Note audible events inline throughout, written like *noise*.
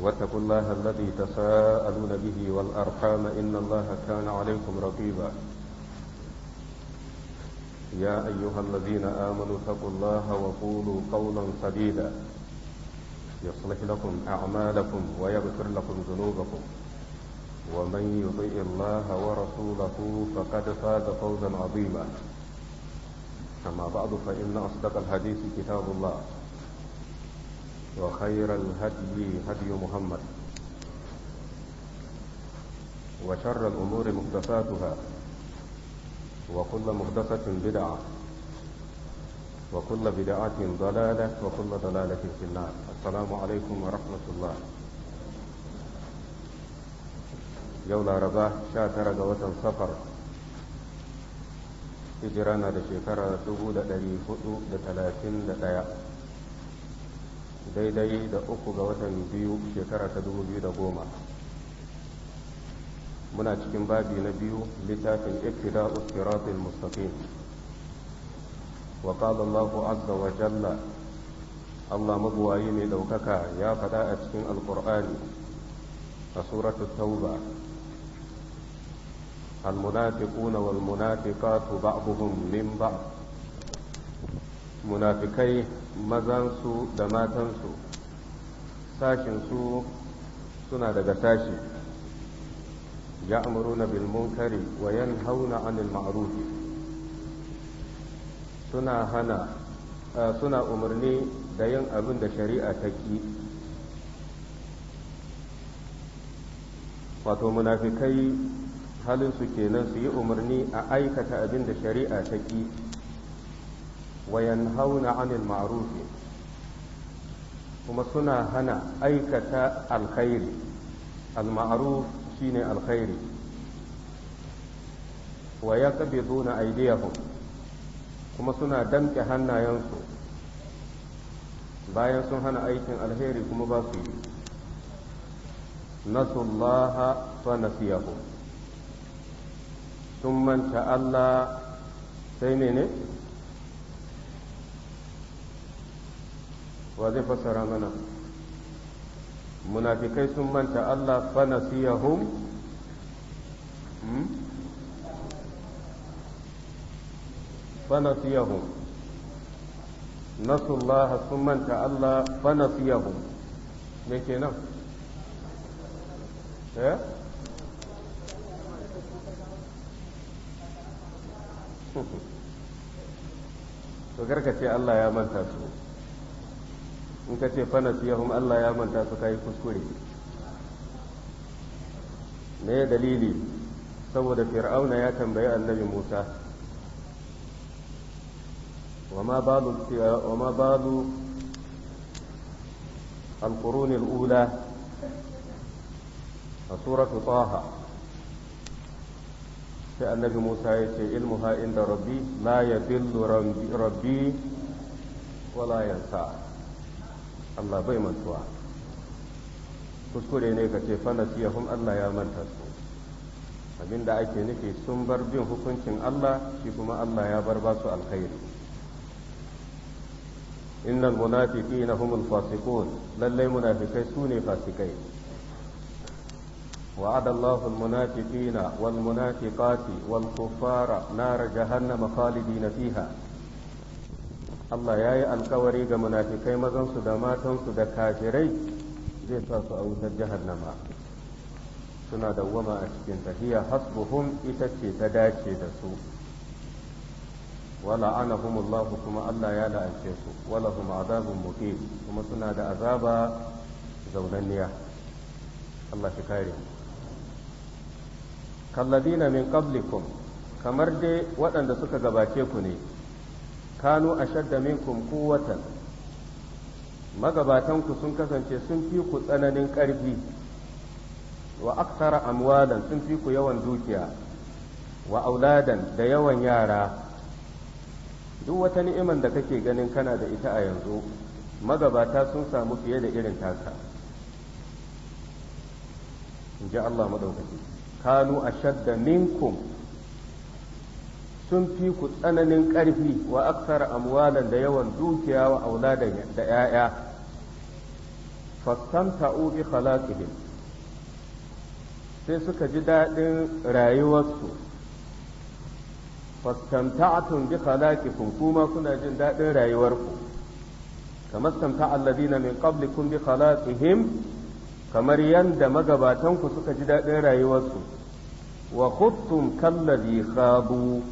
واتقوا الله الذي تساءلون به والأرحام إن الله كان عليكم رقيبا يا أيها الذين آمنوا اتقوا الله وقولوا قولا سديدا يصلح لكم أعمالكم ويغفر لكم ذنوبكم ومن يطيع الله ورسوله فقد فاز فوزا عظيما أما بعد فإن أصدق الحديث كتاب الله وخير الهدي هدي محمد وشر الأمور محدثاتها وكل محدثة بدعة وكل بدعة ضلالة وكل ضلالة في النار السلام عليكم ورحمة الله يولا رباه شاتر قوة الصفر هجرانا لشيكرة دبو دا دري فتو دا تلاتين دا daidai da uku ga watan biyu shekara ta dubu biyu da goma muna cikin babi na biyu littafin iktida usiratul mustaqim wa qala Allahu azza wa jalla Allah mabuwayi mai ɗaukaka ya faɗa a cikin alƙur'ani a suratul tauba المنافقون والمنافقات بعضهم من بعض munafikai mazansu da matansu sashinsu suna daga sashi Ya bil munkari wa yanhauna 'anil ma'ruf suna hana eh, suna umarni da yin abin da shari'a ta ki wato munafikai halinsu kenan su yi umarni a aikata abin da shari'a ta ki wa yanhauna 'anil ma'ruf kuma suna hana aikata alkhairi almaruf maruf shine alkhairi wa yaqbiduna aydiyahum kuma suna damke hannayensu bayan sun hana aikin alheri kuma ba su yi nasullaha fa nasiyahu sun manta Allah sai ne ne wa zai fassara mana munafikai sun manta Allah fa nasiyahum hmm? fa nasiyahum nasullaha sun manta Allah fa nasiyahum me kenan eh *laughs* to karka ce Allah ya manta su in ka ce fana siyahum Allah ya manta su kai kuskure me dalili saboda fir'auna ya tambayi annabi Musa ma balu wama balu القرون الأولى سورة sai annabi Musa ya ce ilmuha inda rabbi la ya rabbi wala yansa Allah bai mantuwa kuskure ne ka ce falasiyahum Allah ya manta su abinda ake nufi sun bar bin hukuncin Allah shi kuma Allah ya bar basu alkhairi innal munafiqina humul fasiqun lallai munafikai su ne fasikai وعد الله المنافقين والمنافقات والكفار نار جهنم خالدين فيها Allah ya yi alkawari ga munafikai mazansu da matansu da kafirai zai sa su a wutar jahannama suna dawwama a cikin tahiya hasbuhum ita ce ta dace da su wala anahumullah kuma Allah ya la'ance su wala hum azabun muqim kuma suna da azaba zaunanniya Allah shi kare kalladina min qablikum kamar dai waɗanda suka gabace ku ne kanu ashadda minkum quwwatan magabatan ku sun kasance sun fi ku tsananin ƙarfi wa aksara amwalan sun fi ku yawan dukiya wa auladan da yawan yara duk wata ni'imar da kake ganin kana da ita a yanzu magabata sun samu fiye da irin taka in ji Allah madaukaki kanu ashadda minkum sun fi ku tsananin ƙarfi wa aksar amwalan da yawan dukiya wa auladan da 'ya'ya fastamta'u bi khalaqihim sai suka ji daɗin rayuwarsu fastamta'atun bi khalaqikum kuma suna jin daɗin rayuwarku kamar stamta'a alladhina min qablikum bi khalaqihim kamar yanda magabatanku suka ji daɗin rayuwarsu wa khuttum kallazi khabu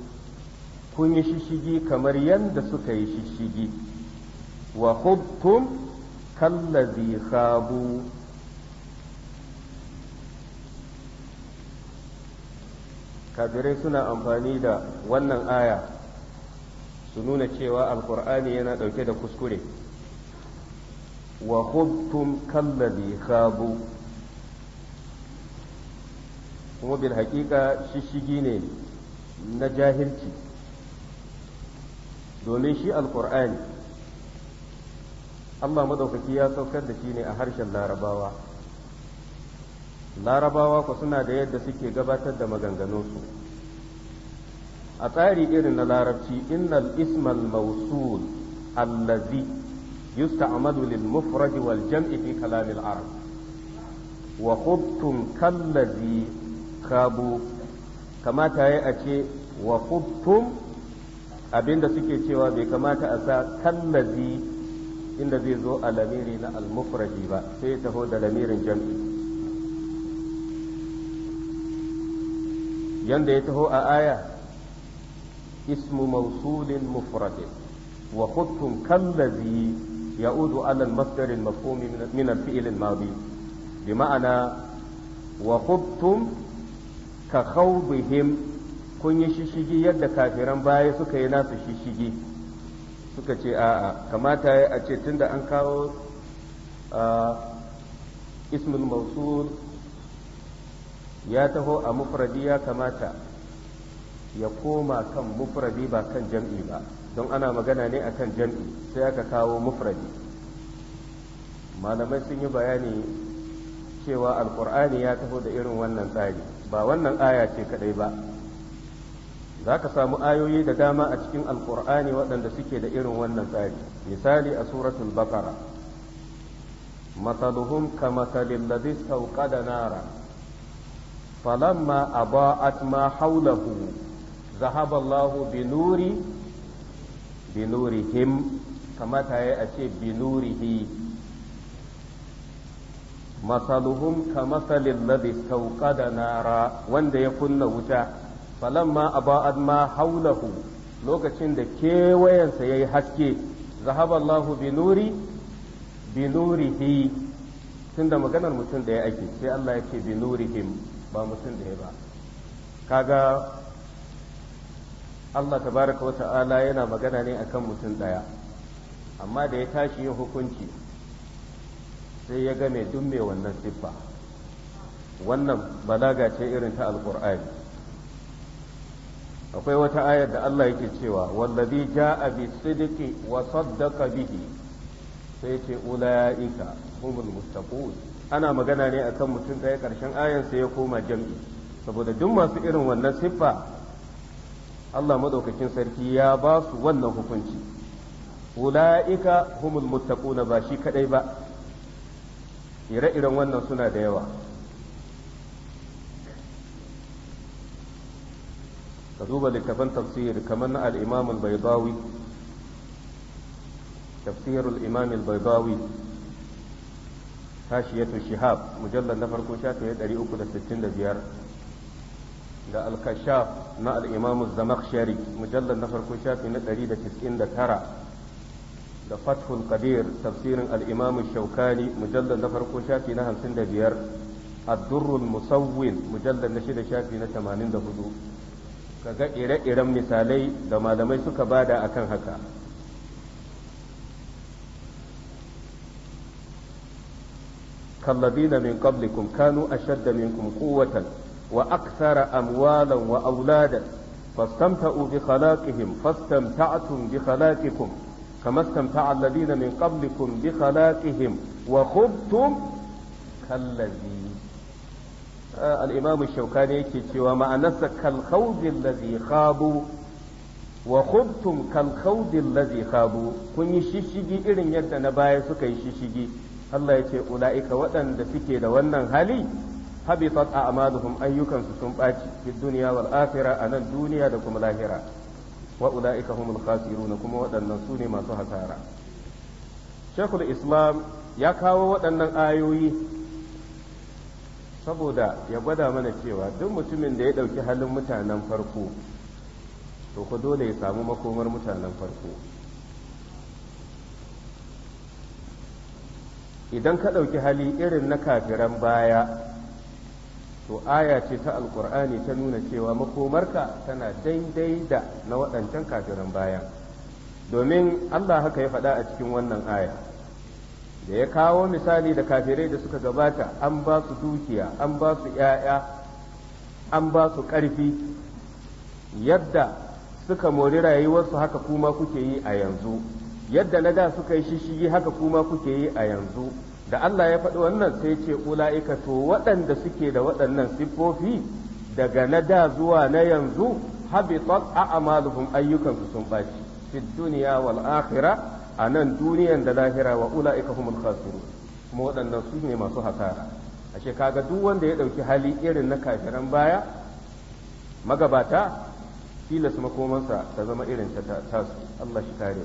kun yi shishigi kamar yadda suka yi shishigi wa khubtum kallazi khabu suna amfani da wannan aya su nuna cewa alkur'ani yana ɗauke da kuskure wa khubtum kallazi khabu kuma bil haƙiƙa shishigi ne na jahilci domin shi alkur'ani Allah madaukaki ya saukar da shi ne a harshen larabawa larabawa ku suna da yadda suke gabatar da maganganunsu a tsari irin na larabci innal ismal mausul allazi yusta'malu lil mufrad wal jam'i fi kalam al arab wa khubtum kallazi kabu kamata yayi a ce wa khubtum abinda suke cewa bai kamata a sa kallazi inda zai zo a lamiri na almufraji ba sai ya taho da lamirin jam'i yanda ya taho a aya ismu mausulin mufradin wa khuttum kallazi ya'udu udu al-masdar al min al madi bi ma'ana wa khuttum ka khawbihim kun yi shishigi yadda kafiran baya suka yi nasu shishigi suka ce a'a kamata ya a ce tunda an kawo ismul mausul ya taho a mufradi ya kamata ya koma kan mufradi ba kan jam'i ba don ana magana ne akan jam'i sai aka kawo mufradi malamai sun yi bayani cewa alkur'ani ya taho da irin wannan tsari ba wannan aya ce kadai ba za ka samu ayoyi da dama a cikin alkur'ani waɗanda suke da irin wannan tsari misali a suratul bakara matsaluhum ka matsalin ladhi da nara falamma aba'at ma haulahu zahaba Allahu binuri binurihim kamata ya a ce binurihi matsaluhum ka matsalin ladhi da nara wanda ya kunna wuta falamma aba'ad ma haulahu lokacin da kewayensa yayi haske zahaba Allahu bi nuri bi nurihi tunda maganar mutum da ya ake sai Allah ya ce bi nurihim ba mutum da ya ba kaga Allah tabaraka wa ta'ala yana magana ne akan mutum daya amma da ya tashi yin hukunci sai ya ga duk dumme wannan siffa wannan balaga ce irin ta alqur'ani akwai wata ayar da Allah yake cewa wallazi ja'a bi sidqi wa saddaqa bihi sai ce ulaika humul muttaqun ana magana ne akan mutum ɗaya ƙarshen ayan sai ya koma jam'i saboda duk masu irin wannan siffa Allah madaukakin sarki ya ba su wannan hukunci ulaika humul muttaquna ba shi kadai ba ire-iren wannan suna da yawa ka duba littafan tafsir kamar na al-imam al-baydawi tafsir al-imam al-baydawi hashiyatu shihab mujallal na farko shafi 365 da al-kashaf na al zama shari zamakhshari mujallal na farko shafi na 199 da fathul qadir tafsirin al-imam ash-shawkani mujallal na farko shafi na الدر المسون مجلد نشيد شافي نتمانين دهدو kaga ire-iren misalai da malamai suka bada akan haka كالذين من قبلكم كانوا أشد منكم قوة وأكثر أموالا وأولادا فاستمتعوا بخلاقهم فاستمتعتم بخلاقكم كما استمتع الذين من قبلكم بخلاقهم وخبتم كالذين al-imam shaukani yake cewa ma'anarsa kal khawdil ladhi khabu wa khubtum kal kun yi shishigi irin yadda na baya suka yi shishigi Allah ya ce ula'ika waɗanda suke da wannan hali habitat a'maluhum ayyukansu sun ɓaci fi duniya wal a nan duniya da kuma lahira wa ula'ika humul khasiruna kuma waɗannan su ne masu hasara Shekul Islam ya kawo waɗannan ayoyi saboda ya gwada mana cewa duk mutumin da ya ɗauki halin mutanen farko to ku dole ya samu makomar mutanen farko idan ka ɗauki hali irin na kafiran baya to aya ce ta alkur'ani ta nuna cewa makomarka tana daidai da na waɗancan kafiran baya domin allah haka ya faɗa a cikin wannan aya da ya kawo misali da kafirai da suka gabata an ba su dukiya an ba su ‘ya'ya an ba su ƙarfi yadda suka mori rayuwarsu haka kuma kuke yi a yanzu yadda na da suka yi shishigi haka kuma kuke yi a yanzu da Allah ya faɗi wannan sai ce ula'ika to waɗanda suke da waɗannan siffofi daga na da zuwa na yanzu habitat a ayyukansu sun ɓaci fi duniya wal akhirah a nan duniyan da lahira wa ula'ika humul khasirun kuma waɗannan su ne masu hasara ashe kaga duk wanda ya ɗauki hali irin na kafiran baya magabata tilas makomansa ta zama irin ta tasu Allah shi kare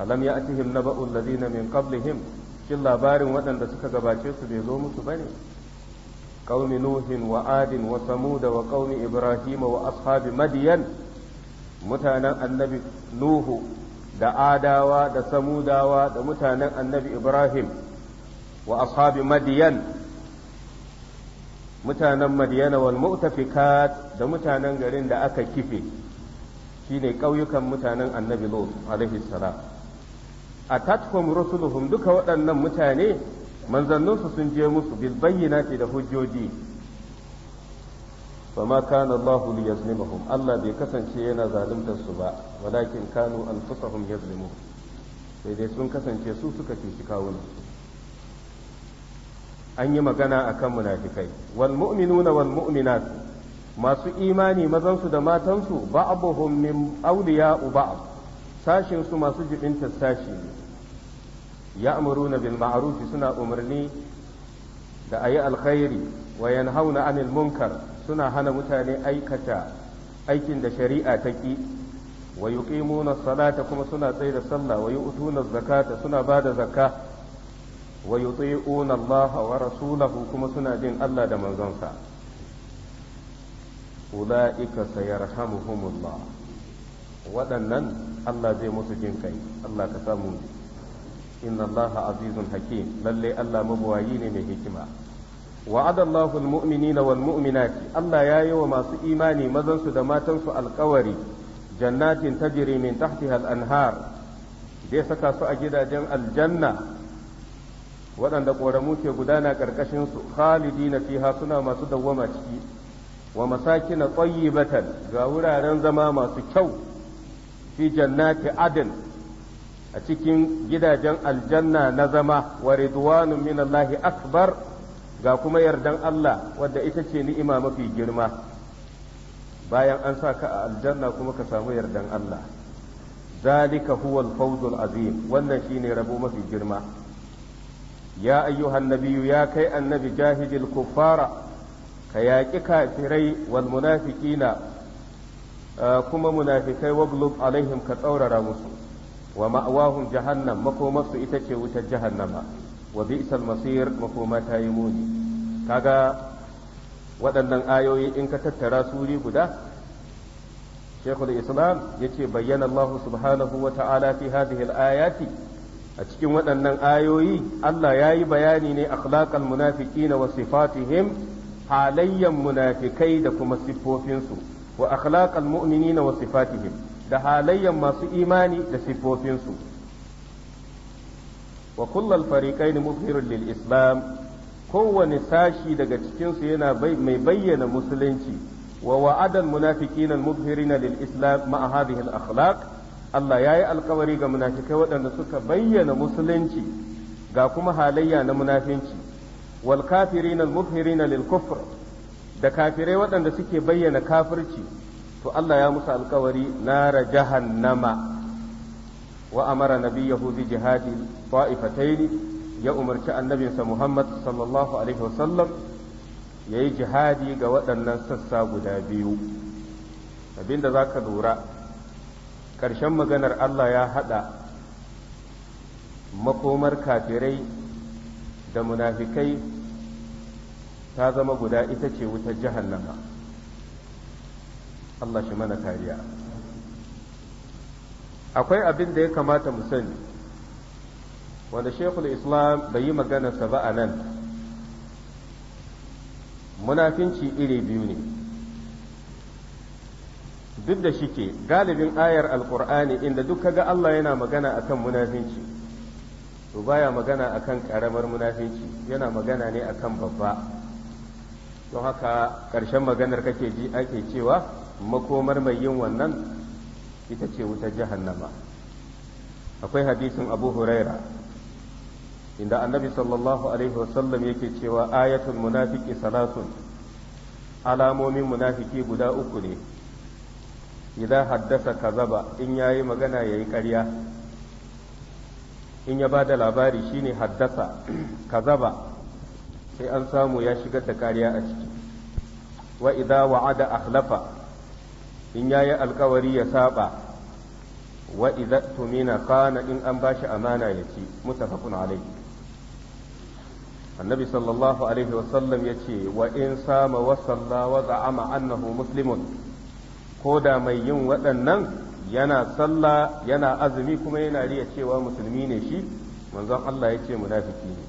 alam ya atihim naba'ul ladina min qablihim shin labarin waɗanda suka gabace su bai zo musu bane qaumi nuhin wa adin wa samud wa qaumi ibrahim wa ashabi madyan mutanen annabi nuhu da adawa da samudawa da mutanen annabi ibrahim wa ashabi madiyan mutanen madiyana wal mu'tafikat da mutanen garin da aka kife shine ƙauyukan mutanen annabi lot alaihi salam atatkum rusuluhum duka waɗannan mutane manzanninsu sun je musu bil bayyinati da hujjoji fa ma kana Allah li yazlimahum Allah bai kasance yana zaluntar su ba walakin kanu anfusahum yazlimun sai dai sun kasance su suka cuci kawunan su an yi magana akan munafikai wal mu'minuna wal mu'minat masu imani mazansu da matansu ba'abuhum min awliya'u ba'd sashin su masu jibinta sashi ya'muruna bil ma'ruf suna umarni da ayi alkhairi hau na 'anil munkar suna hana mutane aikata aikin da shari'a ta ƙi wa yuqimuna salata kuma suna tsaye da sallah wa yu'tuna zakata suna ba da zakka wa yuti'una Allah wa rasulahu kuma suna jin Allah da manzonsa ulaika sayarhamuhumullah waɗannan Allah zai musu jin kai Allah ka samu inna Allah azizun hakim lalle Allah mabuwayi ne mai hikima wa'ada Allahul mu'minina wal mu'minati Allah ya yi wa masu imani mazansu da matansu alkawari jannatin tajri min tahtiha al-anhar zai saka su a gidajen aljanna waɗanda ƙoramu ke gudana ƙarƙashin su khalidina fiha suna masu dawwama ciki wa masakina tayyibatan ga wuraren zama masu kyau fi jannati adin a cikin gidajen aljanna na zama wa ridwanun minallahi akbar ga kuma yardan Allah wadda ita ce ni'ima mafi girma bayan an sa ka a aljanna kuma ka samu yardan Allah zalika huwa al-fawzul azim wannan shine rabo mafi girma ya ayyuhan nabiyyu ya kai annabi jahidil kuffara ka yaƙi kafirai wal munafiqina uh, kuma munafikai waglub alaihim ka tsaurara musu wa ma'awahum jahannam makomarsu ita ce wutar jahannama wa bi'sal masir makoma ta yi muni kaga waɗannan ayoyi in ka tattara suri guda shekul islam ya ce bayyana allahu subhanahu wa ta'ala fi hadhihi al-ayati a cikin waɗannan ayoyi Allah ya yi bayani ne akhlaqal munafiqina wa sifatihim halayyan munafikai da kuma siffofinsu wa akhlaqal mu'minina wa sifatihim da halayyan masu imani da siffofinsu wa kullal fariqain muzhirun lil islam kowane sashi daga cikinsu yana mai bayyana musulunci wa wa'adan munafiqina muzhirina lil islam ma'a hadhihi al akhlaq Allah yayi alkawari ga munafikai waɗanda suka bayyana musulunci ga kuma halayya na munafinci wal kafirina muzhirina lil da kafirai waɗanda suke bayyana kafirci to Allah ya musu alkawari nara nama. wa amara nabiyahu bi jihadi ta'ifataini ya umarci annabinsa Muhammad sallallahu alaihi wasallam ya yi jihadi ga waɗannan sassa guda biyu abinda za ka lura ƙarshen maganar Allah ya haɗa makomar kafirai da munafikai ta zama guda ita ce wutar jahannama Allah shi mana kariya akwai abin da ya kamata mu sani wanda shekul islam bai yi maganarsa ba a nan munafinci iri biyu ne duk da shike galibin ayar alkur'ani inda duk kaga Allah yana magana akan munafinci to baya magana akan karamar munafinci yana magana ne akan babba don haka ƙarshen maganar kake ji ake cewa makomar mai yin wannan ita ce wuta jahannama akwai hadisin abu huraira inda annabi sallallahu alaihi wasallam yake cewa ayatul munafiki salasun alamomin munafiki guda uku ne idan haddasa kazaba in yayi magana yayi ƙarya in ya ba da labari shine haddasa *clears throat* kazaba sai an samu ya shigar da ƙarya a ciki wa idza wa'ada akhlafa in yayi alkawari ya saba wa idza tumina kana in an bashi amana ya ci mutafaqun alayhi annabi sallallahu alaihi sallam ya ce wa in sama wa salla wa za'ama annahu muslimun ko da mai yin waɗannan yana sallah yana azumi kuma yana riya cewa musulmi ne shi manzon Allah ya ce munafiki ne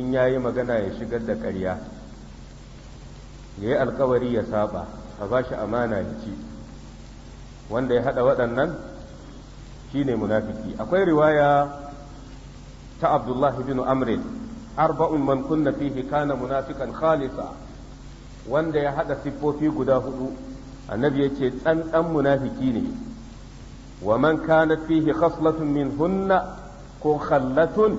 in yayi magana ya shigar da ƙarya ya yi alkawari ya saba a ba shi amana ya ci wanda ya haɗa waɗannan shi ne munafiki akwai riwaya ta abdullahi bin amrin arba'un man kunna fihi kana munafikan khalisa wanda ya haɗa siffofi guda hudu annabi ya ce tsantsan munafiki ne wa man kana fihi khaslatun min hunna ko khallatun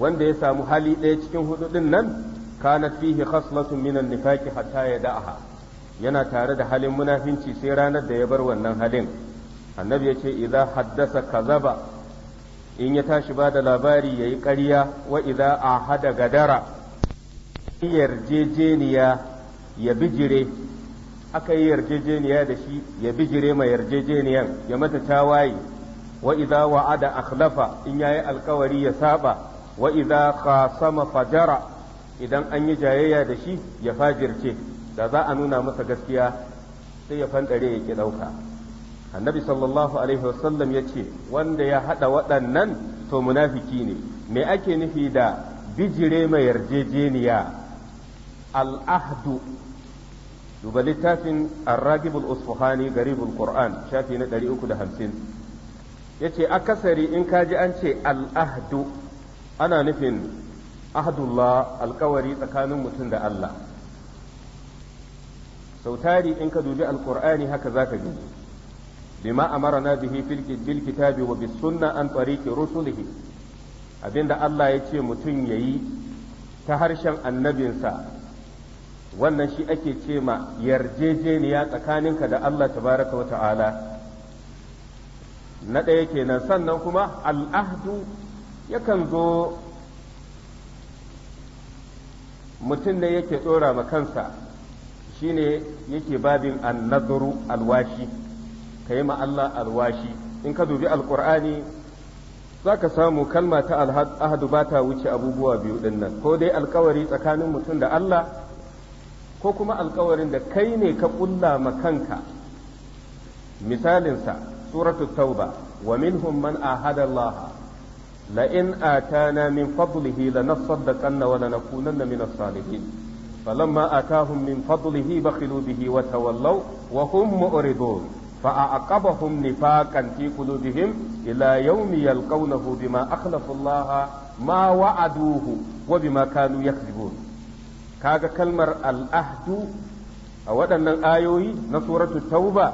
wanda ya samu hali ɗaya cikin hudu nan kanat fihi khaslatun minan nifaqi hatta yada'aha yana tare da halin munafinci sai ranar da ya bar wannan halin annabi ya ce idza haddasa kazaba in ya tashi ba da labari yayi ƙarya wa idza ahada gadara yarjejeniya ya bijire aka yi yarjejeniya da shi ya bijire ma yarjejeniyan ya mata tawaye wa idza wa'ada akhlafa in yayi alkawari ya saba wa ka sama fajara idan an yi jayayya da shi ya fajirce da za a nuna masa gaskiya sai ya fanɗare ya ki ɗauka annabi sallallahu alaihi wasallam ya ce wanda ya haɗa waɗannan to munafiki ne me ake nufi da bijire mai yarjejeniya al'ahdu duba littafin arragibul usfuhani garibul qur'an shafi na 350 yace akasari in kaji an ce al'ahdu ana nufin ahadullah alkawari tsakanin mutum da Allah sau tari in ka dubi alkur'ani haka za ka gani bima amarana bihi fil kitabi wa bis sunna an tariqi rusulihi abinda Allah ya ce mutum yayi ta harshen annabinsa wannan shi ake ce ma yarjejeniya tsakaninka da Allah tabaraka wa ta'ala na ɗaya kenan sannan kuma al'ahdu yakan zo mutum ne yake tsora ma kansa shine yake babin annadru alwashi ka ma Allah alwashi in ka dubi za ka samu kalma ta ahadu ba ta wuce abubuwa biyu din nan ko dai alkawari tsakanin mutum da Allah ko kuma alkawarin da kai ne ka kulla ma kanka misalinsa suratul tauba wa minhum man ahada la in atana min fadlihi la nasaddaqanna wa lanakunanna min as-salihin falamma atahum min fadlihi bakhilu bihi wa tawallaw wa hum mu'ridun فأعقبهم نفاقا في قلوبهم إلى يوم يلقونه بما أخلفوا الله ما وعدوه وبما كانوا يكذبون كاغا كلمر الأهد أولا آيوي نصورة التوبة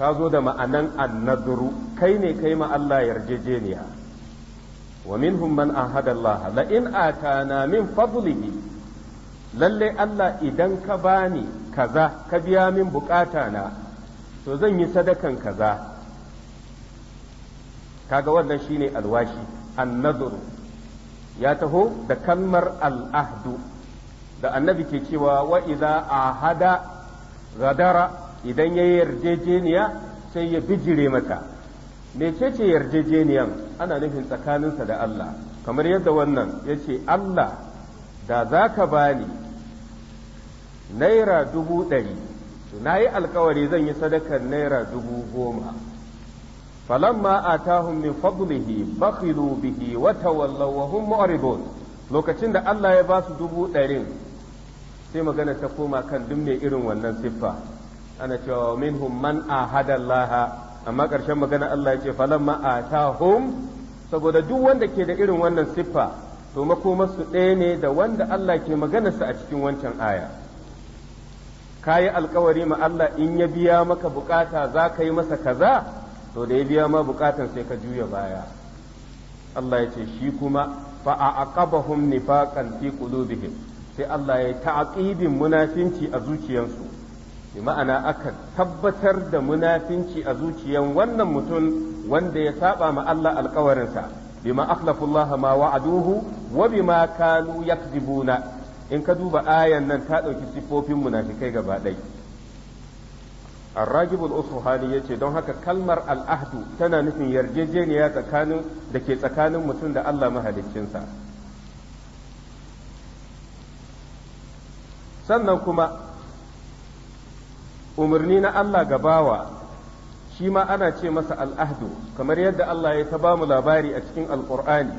تازو دم أنن النذر كيني كيما الله يرججينيها wa minhum man ahada Allah la in atana min fadlihi lallai Allah idan ka bani kaza ka biya min buƙata na to zan yi sadakan kaza kaga wannan shine alwashi annadru ya taho da kalmar al'ahdu da annabi ke cewa wa'iza idza ahada gadara idan ya yarjejeniya sai ya bijire mata mecece yarjejeniyan ana nufin tsakaninsa da Allah kamar yadda wannan ya ce Allah da za ka bani naira dubu ɗari na yi alkawari zan yi sadakar naira dubu goma falamma atahum min fadlihi bakhilu bihi wa tawallaw mu'ridun lokacin da Allah ya ba su dubu ɗarin sai magana ta koma kan duk mai irin wannan siffa ana cewa minhum man ahada Allah amma ƙarshen magana Allah ya ce ta atahum saboda duk wanda ke da irin wannan siffa to makomarsu ɗaya ne da wanda Allah ke maganarsa a cikin wancan aya ka yi alkawari ma Allah in ya biya maka bukata za ka yi masa kaza to da ya biya ma bukatan sai ka juya baya Allah ya ce shi kuma fa aqabahum nifaqan fi qulubihim sai Allah ya ta'aƙibin munafinci a zuciyarsu bi ma'ana aka tabbatar da munafinci a zuciyan wannan mutum wanda ya saba ma Allah alkawarinsa bima akhlafu Allah ma wa'aduhu wa bima kanu yakzibuna in ka duba ayan nan ta dauki sifofin munafikai gaba ɗaya الراجب ya yace don haka kalmar al'ahdu tana nufin yarjejeniya tsakanin da ke tsakanin mutum da Allah sa. sannan kuma umarni na Allah ga bawa shi ma ana ce masa al'ahdu kamar yadda Allah ya ta bamu labari a cikin alƙur'ani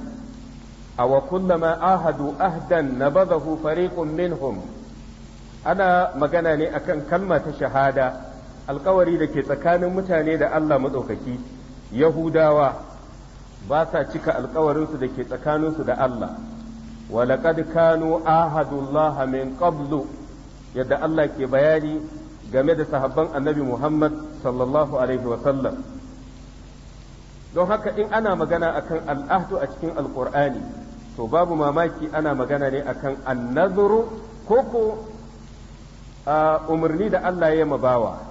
a wa kullama ahadu ahdan nabadahu fariqun minhum ana magana ne akan kalma ta shahada alkawari da ke tsakanin mutane da Allah maɗaukaki yahudawa ba sa cika alkawarinsu da ke tsakaninsu da Allah ولقد كانوا ahadu الله من yadda Allah ke bayani game da sahabban annabi Muhammad sallallahu alaihi wasallam don haka in ana magana akan al'ahdu a cikin al'kur'ani to babu mamaki ana magana ne akan annazuru ko ko umarni da Allah ya mabawa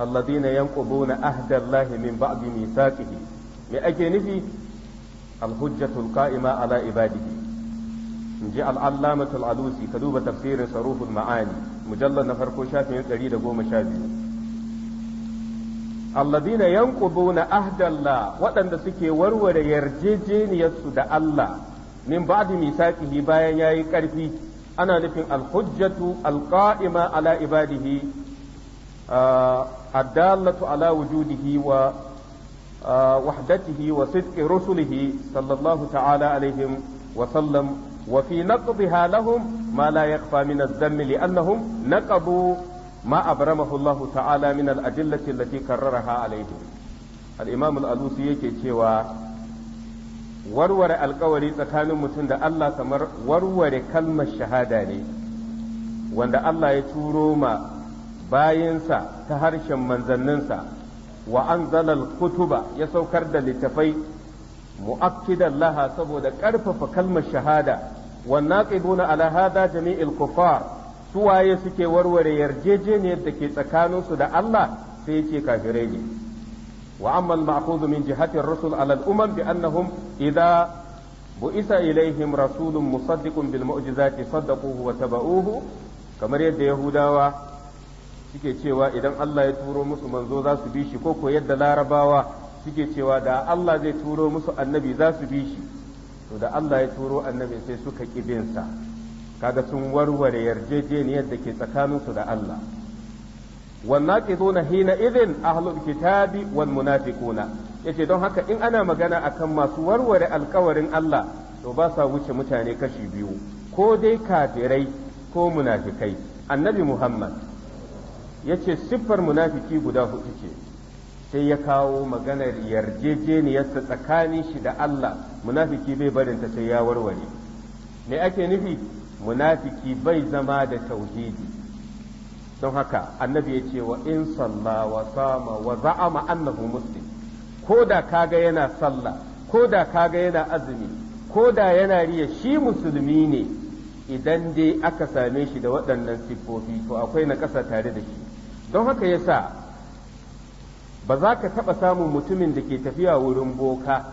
alladina yanquduna ahda Allah min ba'di mithaqihi me ake nufi alhujjatul qa'ima ala ibadihi in ji al'allamatul alusi ka duba tafsirin saruful ma'ani mujallar na farko shafin 112 alladina na ahdala waɗanda suke warware yarjejeniyarsu da Allah min ba'di misaqihi bayan yayi ƙarfi ana nufin alhujjatu alqa'ima ala ibadihi addallatu ala wujudihi wa wahdatihi wa sidqi rusulihi sallallahu ta'ala wa sallam وفي نقضها لهم ما لا يخفى من الذم لأنهم نقضوا ما أبرمه الله تعالى من الأدلة التي كررها عليهم الإمام الألوسي يكي warware alkawari tsakanin mutum da Allah kamar warware kalmar shahada ne wanda Allah ya turo ma bayansa ta harshen manzanninsa wa zalal kutuba ya saukar da littafai mu'akkidan laha saboda ƙarfafa kalmar shahada wannaqiduna ala hada jami'il su waye suke warware yarjejeniyar da ke tsakaninsu da Allah sai yace kafirai ne wa amma al-ma'khudh min jihati ar-rusul ala al-umam bi annahum idza bu'isa ilaihim rasulun musaddiqun bil mu'jizati saddaquhu wa tabauhu kamar yadda yahudawa suke cewa idan Allah ya turo musu manzo za su bi shi ko ko yadda larabawa suke cewa da Allah zai turo musu annabi za su bi shi to da Allah ya turo annabi sai suka binsa kaga sun warware yarjejeniyar da ke tsakaninsu da Allah hina والناقضون حينئذ أهل الكتاب na yace don haka in ana magana akan masu warware alkawarin Allah to ba sa wuce mutane kashi biyu ko dai kafirai ko munafikai annabi Muhammad yace siffar munafiki guda hudu ce sai ya kawo maganar yarjejeniyarsa tsakanin shi da Allah munafiki bai barin ta sai ya warware me ake nufi munafiki bai zama da tauhidi don haka annabi ya ce wa in salla wa sama wa za'ama annahu muslim ko da kaga yana sallah ko da kaga yana azumi ko da yana riya shi musulmi ne idan dai aka same shi da waɗannan siffofi to akwai na ƙasa tare da shi don haka yasa ba za ka taɓa samun mutumin da ke tafiya wurin boka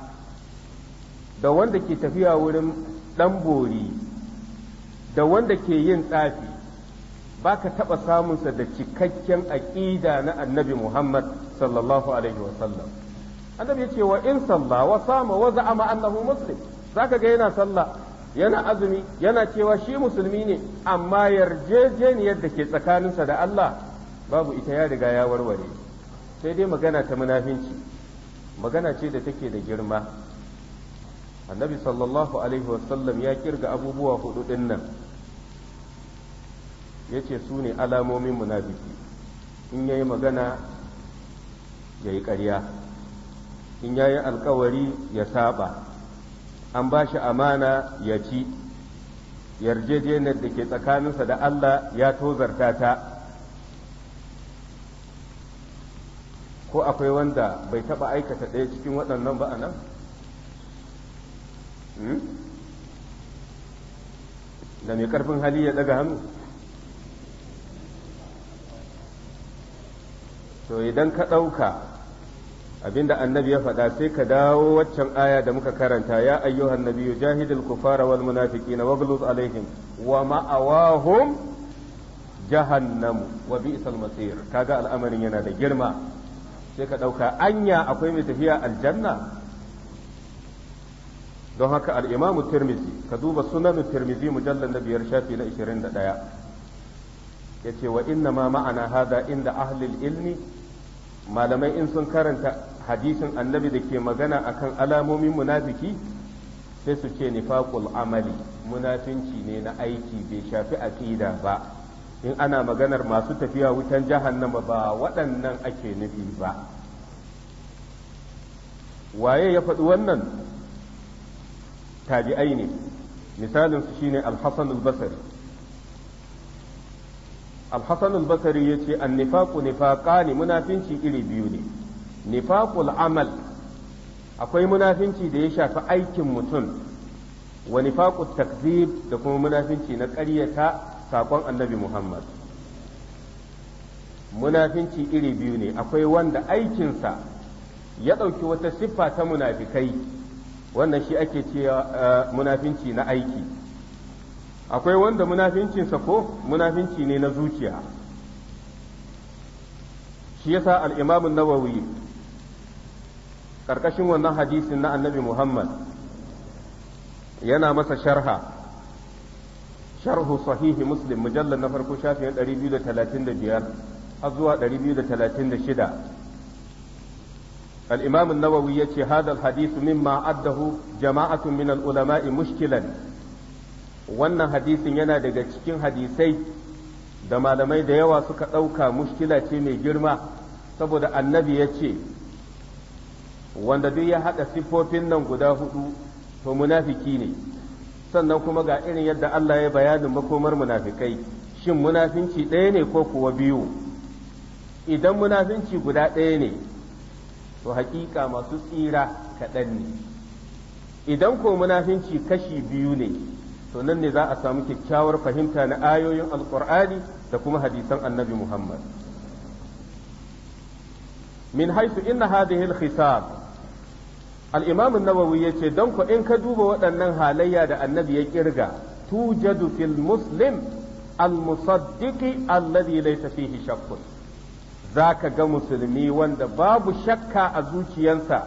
da wanda ke tafiya wurin ɗan bori da wanda ke yin tsafi ba ka taɓa samunsa da cikakken aƙida na annabi muhammad sallallahu alaihi wasallam annabi ya ce wa in salla wa sama wa za'ama annahu muslim zaka ga yana sallah yana azumi yana cewa shi musulmi ne amma yarjejeniyar da ke tsakaninsa da Allah babu ita ya riga ya warware sai dai magana ta munafinci magana ce da take da girma annabi sallallahu alaihi wasallam ya kirga abubuwa hudu din nan ya ce su ne alamomin munafiki in ya yi magana ya yi ƙarya in ya yi alkawari ya saba an ba shi amana ya ci yarjejeniyar da ke tsakaninsa da Allah ya tozarta ta ko akwai wanda bai taba aikata ɗaya cikin waɗannan ba a nan hmm? da mai ƙarfin hali ya ɗaga hannu to idan ka ɗauka abinda annabi ya faɗa sai ka dawo waccan aya da muka karanta ya ayyuhan nabiyyu jahidul kufara wal munafiqina waghluz alaihim wa ma'awahum jahannamu wa bi'sal masir kaga al'amarin yana da girma sai ka ɗauka anya akwai mai tafiya aljanna don haka al'imamu tirmizi ka duba sunan tirmizi mujallar na biyar shafi na 21 ya ce wa inna ma ma'ana hada inda ahlil ilmi malamai in sun karanta hadisin annabi da ke magana akan alamomin munafiki sai su ce nifaqul amali munafinci ne na aiki bai shafi aqida ba in ana maganar masu tafiya wutan jahannama ba waɗannan ake nufi ba waye ya faɗi wannan tabi'ai ne misalin su shine al-hasan al-basri al-hasan al-basri yace an-nifaqu nifaqani munafinci iri biyu ne nifaqul amal akwai munafinci da ya shafi aikin mutum wa nifaqut takzib da kuma munafinci na ƙaryata Sakon annabi Muhammad munafinci iri biyu ne akwai wanda aikinsa ya ɗauki wata siffa ta munafikai wannan shi ake cewa eh, munafinci na aiki akwai wanda munafincinsa ko munafinci ne na zuciya shi yasa al'imamun nawawi ƙarƙashin wannan hadisin na annabi Muhammad yana masa sharha sharhu sahihi muslim mujallar na farko shafin 235 har zuwa 236 الإمام النووي يتي هذا الحديث مما عده جماعة من العلماء مشكلا wannan hadisin yana daga cikin hadisai da malamai da yawa suka ɗauka mushkila ce mai girma saboda annabi ya ce wanda duk ya haɗa siffofin nan guda huɗu to munafiki ne sannan kuma ga irin yadda Allah ya bayanin makomar munafikai shin munafinci ɗaya ne ko kuwa biyu idan munafinci guda ɗaya ne to haƙiƙa masu tsira kaɗan ne idan ko munafinci kashi biyu ne to nan ne za a samu kyakkyawar fahimta na ayoyin alƙur'ani da kuma hadisan annabi muhammad min haisu inna hadhihi al-khisab Al'imamin imam an-nawawi yace dan ku in ka duba waɗannan halayya da annabi ya kirga tujadu fil muslim al-musaddiqi alladhi laysa fihi shakkun zaka ga musulmi wanda babu shakka a zuciyarsa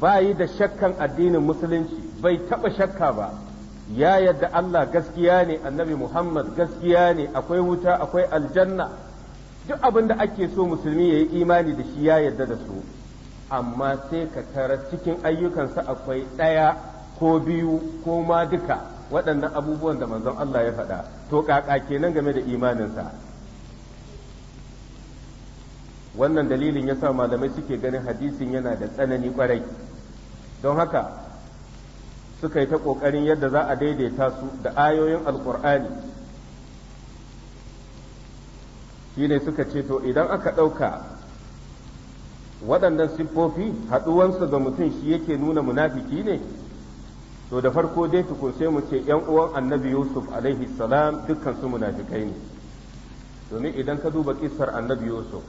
bayi da shakkan addinin musulunci bai taɓa shakka ba ya yadda Allah gaskiya ne annabi Muhammad gaskiya ne akwai wuta akwai aljanna duk abinda ake so musulmi ya yi imani da shi ya yadda da su amma sai ka tara cikin ayyukansa akwai ɗaya ko biyu ko ma duka waɗannan abubuwan da manzon Allah ya faɗa to ƙaƙa kenan game da imaninsa wannan dalilin ya sa malamai suke ganin hadisin yana da tsanani kwarai don haka suka yi ta ƙoƙarin yadda za a daidaita su da ayoyin alƙur'ani shi ne suka ce to idan aka ɗauka waɗannan siffofi haɗuwansa ga mutum shi yake nuna munafiki ne to da farko dai tukun sai mu ce ‘yan uwan annabi yusuf alaihi salam dukkan su munafikai ne domin idan ka duba kisar annabi yusuf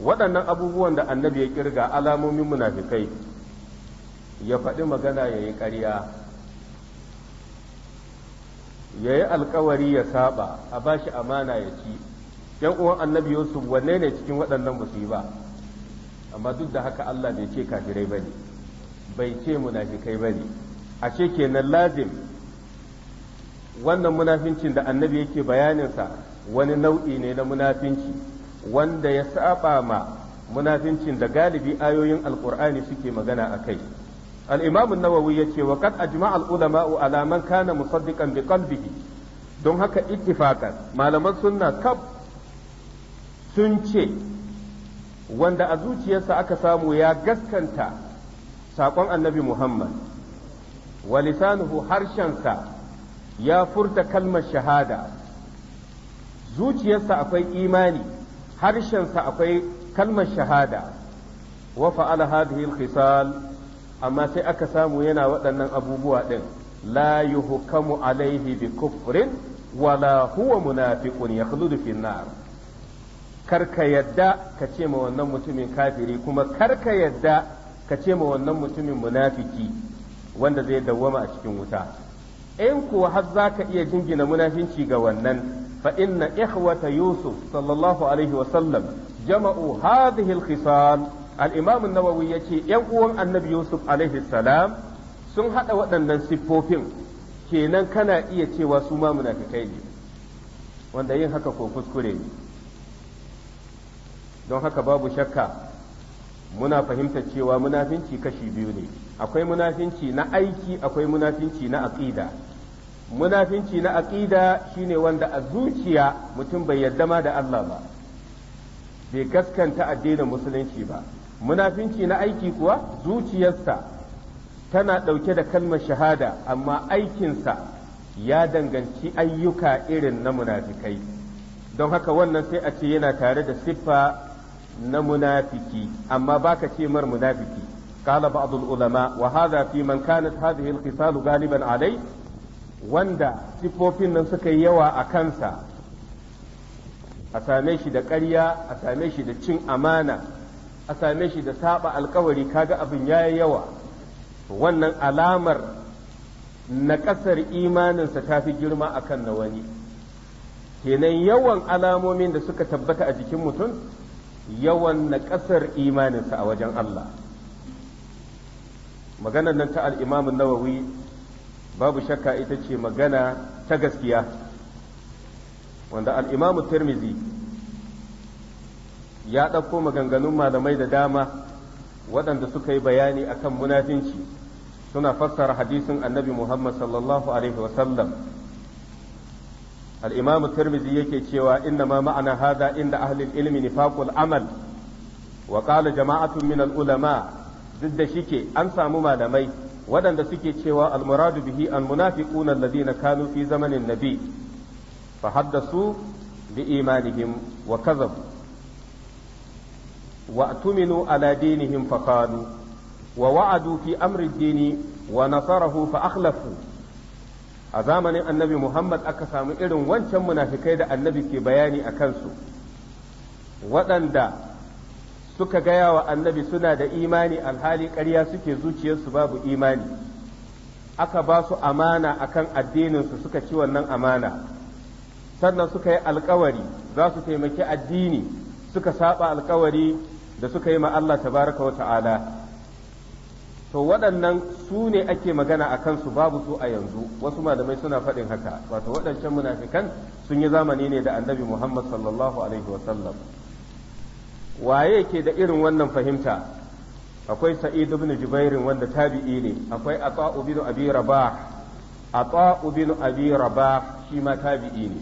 waɗannan abubuwan da annabi ya kirga alamomin munafikai ya faɗi magana ya yi ƙarya ya yi alkawari ya saba a bashi amana ya ci ‘yan uwan annabi yusuf wanne ne cikin waɗannan musiba. ba amma duk da haka Allah bai ce kafirai bane bai ce munafikai bane ashe kenan lazim wannan munafincin da annabi yake bayanin sa wani nau'i ne na munafinci wanda ya saba ma munafincin da galibi ayoyin alkur'ani suke magana a kai al'imamun nawawi ya ce wa a ajma al'ulama'u alaman kana musaddiqan bi qalbihi don haka ittifaqan malaman sunna kaf sun ce wanda a zuciyarsa aka samu ya gaskanta saƙon annabi Muhammad wa lisanuhu harshensa ya furta kalmar shahada zuciyarsa akwai imani harshensa akwai kalmar shahada wa fa'ala hadhihi khisal amma sai aka samu yana waɗannan abubuwa ɗin la yuhkamu alaihi bi kufrin wala huwa munafiqun ya fi nar karka yadda ka ce ma wannan mutumin kafiri kuma karka yadda ka ce ma wannan mutumin munafiki wanda zai dawwama a cikin wuta in kuwa har za ka iya jingina munafinci ga wannan fa inna ikhwata yusuf sallallahu alaihi wa sallam jama'u hadhihi al-khisal al-imam an-nawawi yace yan uwan annabi yusuf alaihi salam sun hada waɗannan siffofin kenan kana iya cewa su ma munafikai ne wanda yin haka ko kuskure ne don haka babu shakka muna fahimtar cewa munafinci kashi biyu ne akwai munafinci na aiki akwai munafinci na aƙida munafinci na aqida shine wanda a zuciya mutum bai yarda ma da Allah ba bai gaskanta addinin musulunci ba munafinci na aiki kuwa zuciyarsa tana ɗauke da kalmar shahada amma aikinsa ya danganci ayyuka irin na munafikai don haka wannan sai a ce yana tare da siffa na munafiki amma baka ce mar munafiki قال بعض العلماء fi في من كانت هذه الخصال غالبا عليه wanda siffofin nan suka yi yawa a kansa a same shi da ƙarya a same shi da cin amana a same shi da saba alkawari kaga abin ya yawa wannan alamar na ƙasar imaninsa ta fi girma akan na wani kenan yawan alamomin da suka tabbata a jikin mutum yawan na ƙasar imaninsa a wajen Allah maganar nan ta al'imamin nawawi babu shakka ita ce magana ta gaskiya wanda al’imamun turmizi ya ɗauko maganganun malamai da dama waɗanda suka yi bayani akan munafinci suna fassara hadisin annabi muhammad sallallahu alaihi wasallam al-imamu tirmidhi yake cewa inna ma ma'anar hadha inda ahli ilmi nifaqul amal wa qala jama'atun min al-ulama duk da shi ke an samu malamai waɗanda suke cewa almuradu bihi al-munafiqun alladhina kanu fi zamanin nabi fa haddasu bi imanihim wa kadhabu واؤتمنوا على wa فقالوا ووعدوا في امر الدين ونصره فاخلفوا a zamanin annabi muhammad aka samu irin wancan munafikai da annabi ke bayani a kansu waɗanda suka gaya wa annabi suna da imani alhali ƙarya suke zuciyarsu babu imani aka ba su amana kan addininsu suka ci wannan amana sannan suka yi alkawari za su taimaki addini suka saba alkawari da suka yi ma Allah tabaraka Wata'ala. to waɗannan su ne ake magana a kansu babu su a yanzu wasu malamai suna faɗin haka wato waɗancan munafikan sun yi zamani ne da annabi muhammad sallallahu alaihi wasallam waye ke da irin wannan fahimta akwai sa'id ibn jubairin wanda tabi'i ne akwai ata ibn abi rabah ibn abi rabah shi ma tabi'i ne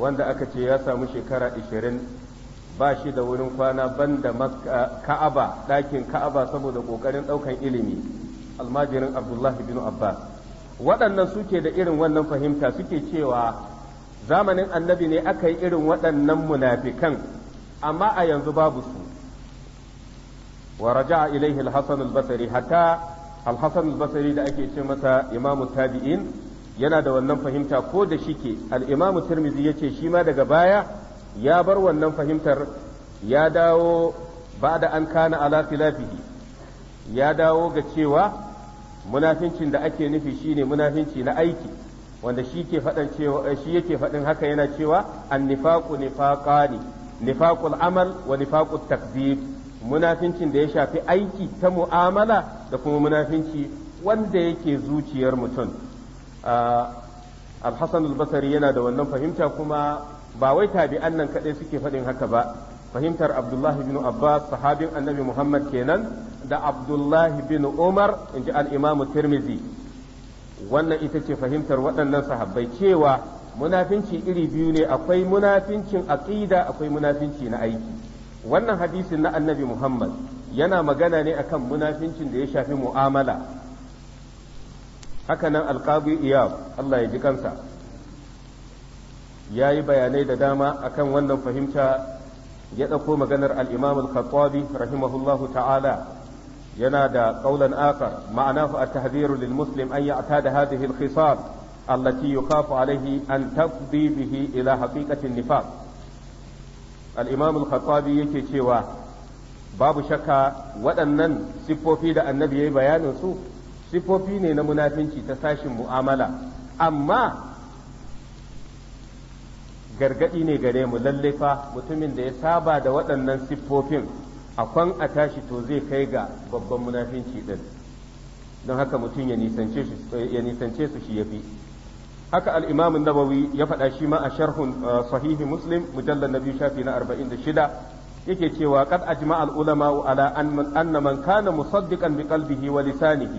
wanda aka ce ya samu shekara 20 ba shi da wurin kwana ban da ka'aba ɗakin ka'aba saboda ƙoƙarin ɗaukan ilimi almajirin abdullahi bin abbas waɗannan suke da irin wannan fahimta suke cewa zamanin annabi ne aka yi irin waɗannan munafikan amma a yanzu babu su wa raja'a ilaihi al-hasan al-basri hatta al-hasan da ake ce masa imamu tabi'in yana da wannan fahimta ko da shike al'imamu imamu tirmidhi yace shi ma daga baya ya bar wannan fahimtar ya dawo ba da an kana ala filafihi ya dawo ga cewa munafincin da ake nufi shine munafinci na aiki wanda shi ke faɗin cewa eh, shi yake faɗin haka yana cewa an annifaqu nifaqani nifaqul amal wa nifaqut takzib munafincin da ya shafi aiki ta mu'amala da kuma munafinci wanda yake zuciyar mutum ah, al-hasan yana da wannan fahimta kuma ba wai tabi'an nan kaɗai suke faɗin haka ba fahimtar abdullahi bin abbas sahabin annabi muhammad kenan da abdullahi bin umar in ji al'imamu tirmizi wannan ita ce fahimtar waɗannan sahabbai cewa munafinci iri biyu ne akwai munafincin aqida akwai munafinci na aiki wannan hadisin na annabi muhammad yana magana ne akan munafincin da ya shafi mu'amala hakanan alqabi iyab Allah ya ji kansa ya yi bayanai da dama akan wannan fahimta ya ɗauko maganar al'imam al-khattabi rahimahullahu ta'ala yana da ƙaunar akar ma'anahu a tahziru lil muslim an ya ta da hadhihi al-khisab allati kafa alaihi an tafdi bihi ila haƙiƙatin nifaq al-imam al-khattabi yake cewa babu shakka waɗannan siffofi da annabi ya yi bayanin su siffofi ne na munafinci ta sashin mu'amala amma gargadi ne gare mu lalle fa mutumin da ya saba da waɗannan siffofin akwan a tashi to zai kai ga babban munafinci din don haka mutum ya nisance su shi yafi haka al'imamin nabawi ya faɗa shi ma a sharhun uh, sahihi muslim na nabi shafi na 46 yake cewa qad ajma al'ulama ulama ala anna man kana musaddiqan bi qalbihi wa lisanihi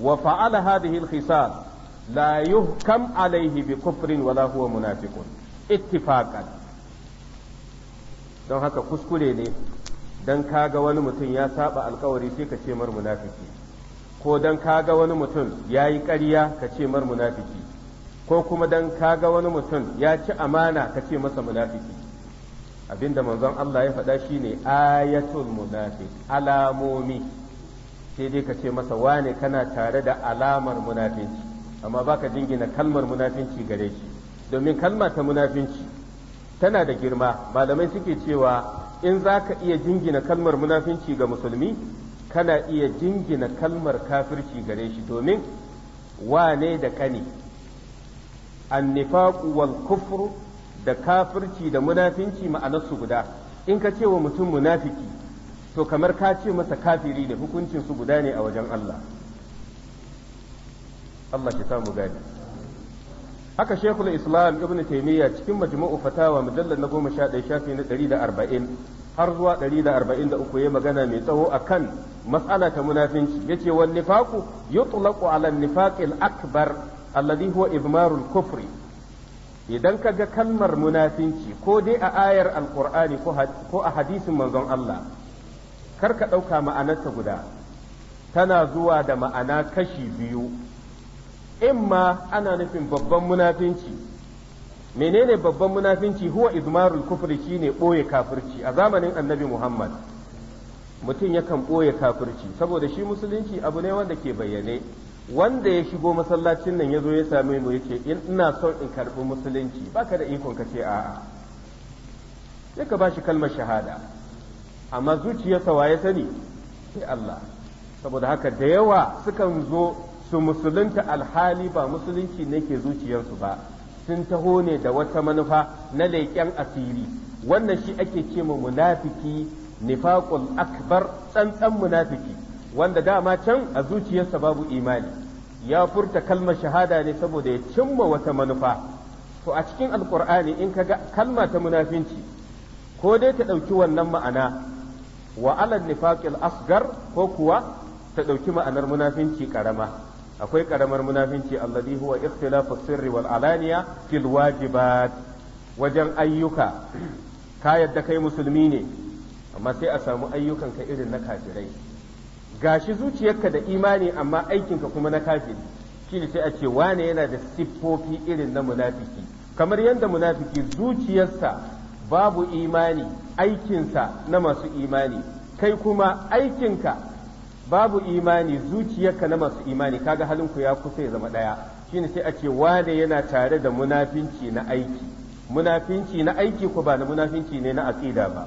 wa fa'ala hadhihi al-khisal la yuhkam alayhi bi kufrin wala huwa munafiqun ittifaqan don haka kuskure ne don kaga wani mutum ya saba alkawari sai ka ce mar munafiki ko don kaga wani mutum ya yi ƙarya ka ce mar munafiki ko kuma don kaga wani mutum ya ci amana ka ce masa munafiki abinda manzon Allah ya faɗa shine ayatul munafiq alamomi sai dai ka ce masa wane kana tare da alamar munafinci amma baka jingina kalmar munafinci gare shi domin kalma ta munafinci tana da girma malamai suke cewa in za ka iya jingina kalmar munafinci ga musulmi kana iya jingina kalmar kafirci gare shi domin wane da kani annifaqu wal kufru da kafirci da munafinci ma'anarsu guda in ka ce wa mutum munafiki to kamar ka ce masa kafiri da hukuncin su guda ne a wajen Allah Allah ki samu gani haka shekul islam ibn taimiyya cikin majmu'u fatawa mujallar na goma sha shafi na ɗari har zuwa ɗari da uku magana mai tsawo akan kan ta munafinci ya ce wani nifaku yutlaqu ala nifaqil akbar alladhi huwa al kufri idan kaga kalmar munafinci ko dai a ayar alqur'ani ko a hadisin manzon Allah kar ka ɗauka ma'anarta guda tana zuwa da ma'ana kashi biyu imma ana nufin babban munafinci menene babban munafinci huwa izmarul kufri shine boye kafirci a zamanin annabi muhammad mutum yakan boye kafirci saboda shi musulunci abu ne wanda ke bayyane wanda ya shigo masallacin nan ya zo ya same mu yake, in ina son in karbi musulunci baka da ikon ka ce a'a sai ka bashi kalmar shahada amma zuciyarsa wa sani sai Allah saboda haka da yawa sukan zo su musulunta alhali ba musulunci ne ke zuciyarsu ba sun taho ne da wata manufa na leƙen asiri wannan shi ake ce ma munafiki nifaqul akbar tsantsan munafiki wanda dama can a zuciyarsa babu imani ya furta kalmar shahada ne saboda ya cimma wata manufa to a cikin alkur'ani in ka ga kalma ta munafinci ko dai ta ɗauki wannan ma'ana wa alal nifaqil asgar ko kuwa ta ɗauki ma'anar munafinci ƙarama akwai karamar munafinci alladhi huwa ikhtilafu sirri wal alaniya fil wajibat wajen ayyuka ka yadda kai musulmi ne amma sai a samu ayyukan ka irin na kafirai gashi zuciyarka da imani amma aikinka kuma na kafiri shine sai a ce wane yana da siffofi irin na munafiki kamar yadda munafiki zuciyarsa babu imani aikinsa na masu imani kai kuma aikinka babu imani zuciyarka na masu imani kaga halinku ya kusa ya zama ɗaya shine sai a ce wane yana tare da munafinci na aiki munafinci na aiki ko ba na munafinci ne na aqida ba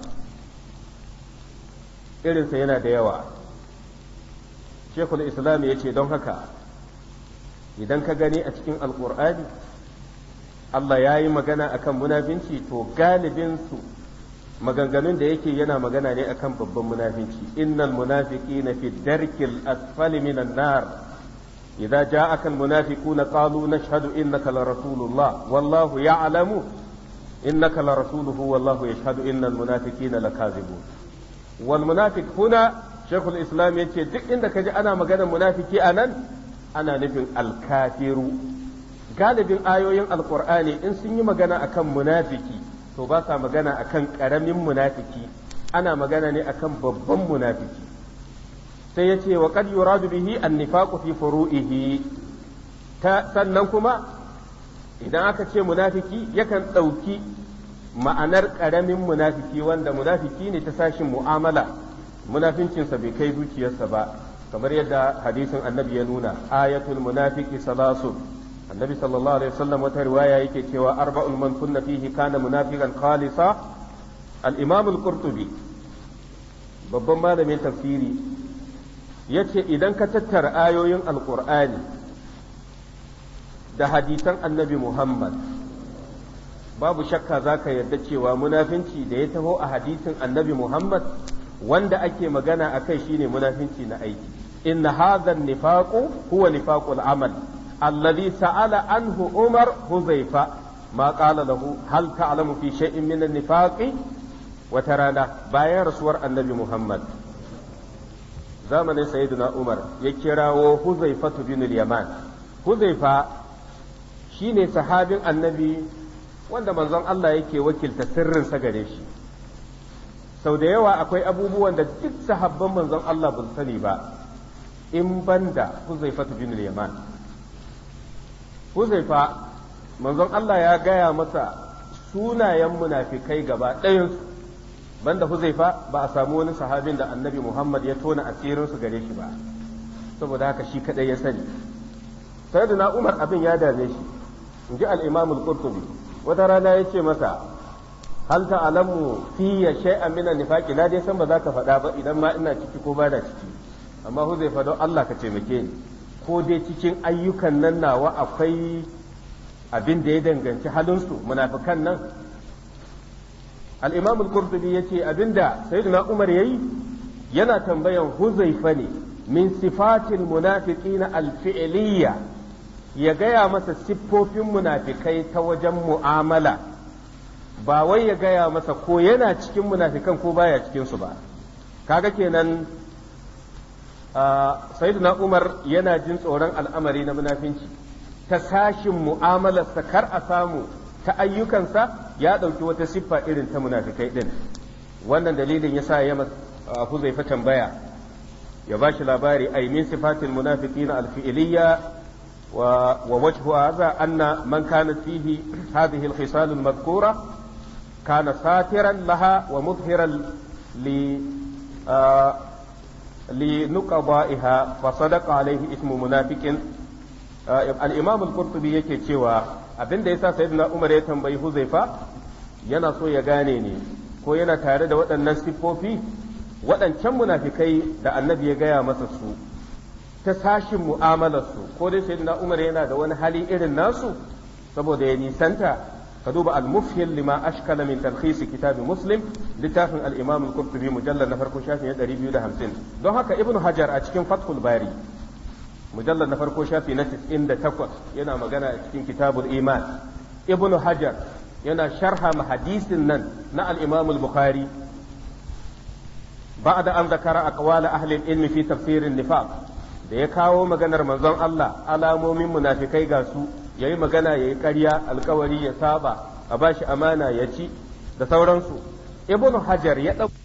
irinsa yana da yawa shekul islam ya ce don haka idan ka gani a cikin alkur'ani Allah ya yi magana akan munafinci to galibinsu maganganun da yake yana magana ne akan babban munafici innal na fi darkil asfali minan nar idza ja'aka al munafiquna qalu nashhadu innaka la rasulullah wallahu ya'lamu innaka la rasuluhu wallahu yashhadu innal munafiqina lakazibun wal munafiq huna shaykhul islam yace duk inda kaji ana magana munafiki anan ana nufin al kafiru galibin ayoyin alqur'ani in sun yi magana akan munafiki to ba sa magana akan ƙaramin munafiki ana magana ne akan babban munafiki sai ya ce wa kad yuradu bihi an-nifaqu fi furu'ihi ta sannan kuma idan aka ce munafiki yakan ɗauki ma'anar ƙaramin munafiki wanda munafiki ne ta sashin mu'amala munafincinsa bai kai zuciyarsa ba kamar yadda hadisin annabi ya nuna ayatul munafiki salasun annabi sallallahu alaihi wasallam wata riwaya yake cewa arba'un man kunna fihi kana munafiqan khalisa al babban malamin tafsiri ya ce idan ka tattara ayoyin al'ƙur'ani da hadisan annabi muhammad babu shakka zaka yarda cewa munafinci da ya taho a hadisin annabi muhammad wanda ake magana akai shine munafinci na aiki inna hadha an-nifaqu huwa nifaqul amal alladhi sa'ala anhu umar huzaifa ma qala lahu hal ta'lamu fi shay'in min an-nifaqi wata rana bayan rasuwar annabi muhammad zamanin sayyidina umar ya kirawo huzaifatu bin yaman huzaifa shine sahabin annabi wanda manzon Allah yake wakilta sirrinsa gare shi sau da yawa akwai abubuwan da duk sahabban manzon Allah ba sani ba in banda huzaifatu bin yaman huzaifa manzon Allah ya gaya masa sunayen munafikai gaba ɗayansu banda huzaifa ba a samu wani sahabin da annabi Muhammad ya tona su gare shi ba saboda haka shi kaɗai ya sani da Umar abin ya dame shi in ji al-Imam wata rana ya ce masa hal ta'lamu fi ya min an nifaƙi, na dai san ba za ka faɗa ba idan ma ina ciki ko ba da ciki amma huzaifa don Allah ka taimake ni ko dai cikin ayyukan nan nawa akwai abin da ya danganci halinsu munafikan nan al-imam al-qurtubi yace abinda sayyidina umar yi yana tambayan huzaifa ne min sifatil munafiqina al-fi'liyya ya gaya masa siffofin munafikai ta wajen mu'amala ba wai ya gaya masa ko yana cikin munafikan ko baya cikin su ba kaga kenan sayyidina umar yana jin tsoron al'amari na munafinci ta sashin mu'amalarsa kar a samu ta ayyukansa ya ɗauki wata siffa irin ta munafikai ɗin wannan dalilin ya sa ya huzaifa tambaya ya ba shi labari ai min sifatil munafiqina alfi'liya wa wajhu hadha anna man kana fihi hadhihi alkhisal almadhkura kana satiran laha wa mudhiran li لنقضائها فصدق عليه اسم منافق الإمام القرطبي yake cewa abin da yasa sayyidina Umar ya tambayi Huzaifa yana so ya gane ne ko yana tare da waɗannan siffofi waɗancan munafikai da annabi ya gaya masa su ta sashin mu'amalarsu ko dai sayyidina Umar yana da wani hali irin nasu saboda ya nisanta ka duba al-mufhil lima ashkala min talkhis kitab muslim littafin al-imam al-qurtubi mujallal na farko shafin 250 don haka ibnu hajar a cikin fathul bari mujallal na farko shafi na 98 yana magana a cikin kitabul iman ibnu hajar yana sharha ma hadisin nan na al Bukhari al da بعد أن a أقوال أهل العلم fi تفسير النفاق da ya kawo maganar manzon Allah alamomin munafikai ga su ya yi magana ya yi ƙarya alkawari ya saba a bashi amana ya ci da sauransu ibn hajar ya ɗauki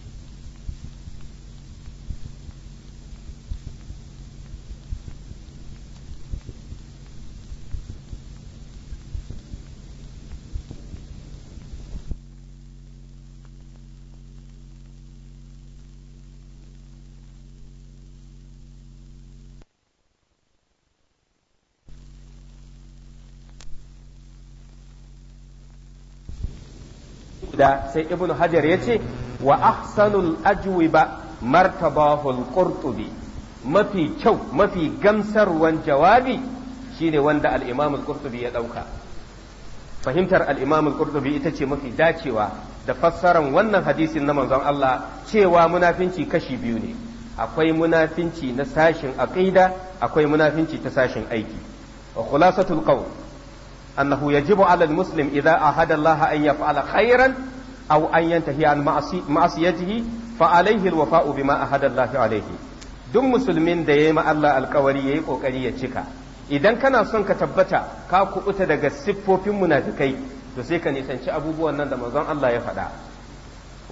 da sai ibnu hajar ya ce wa ahsanul ajwiba martabahul qurtubi mafi kyau mafi gamsarwan jawabi shine wanda al-imam al-qurtubi ya dauka fahimtar al-imam al-qurtubi ita ce mafi dacewa da fassaran wannan hadisin na manzon Allah cewa munafinci kashi biyu ne akwai munafinci na sashin aqida akwai munafinci ta sashin aiki wa khulasatul qawl أنه يجب على المسلم إذا أحد الله أن يفعل خيرا أو أن ينتهي عن معصيته فعليه الوفاء بما أحد الله عليه duk musulmin da ya yi Allah alkawari ya yi ƙoƙari ya cika idan kana son ka tabbata ka kubuta daga siffofin munafikai to sai ka nisanci abubuwan nan da manzon Allah ya faɗa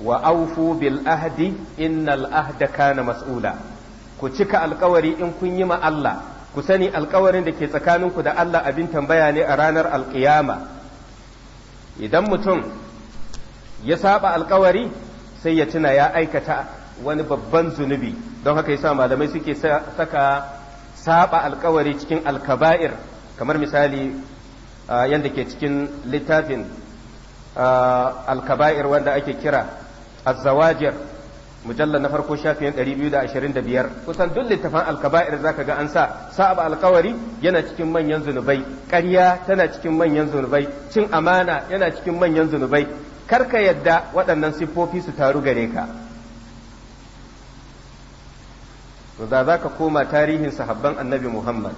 wa aufu bil ahdi innal ahda kana mas'ula ku cika alkawari in kun yi ma Allah ku sani alkawarin da ke tsakaninku da Allah abin tambaya ne a ranar alkiyama idan mutum ya saba alkawari sai ya tuna ya aikata wani babban zunubi don haka yasa malamai suke saka saba alkawari cikin alkaba'ir kamar misali yadda ke cikin littafin alkaba'ir wanda ake kira zawajir. mujallar na farko shafiyan 225 kusan duk littafin alkaba'ir zaka ga an sa sa'ab alkawari yana cikin manyan zunubai ƙarya tana cikin manyan zunubai cin amana yana cikin manyan zunubai karka yadda waɗannan siffofi su taru gare ka da za ka koma tarihin sahabban annabi muhammad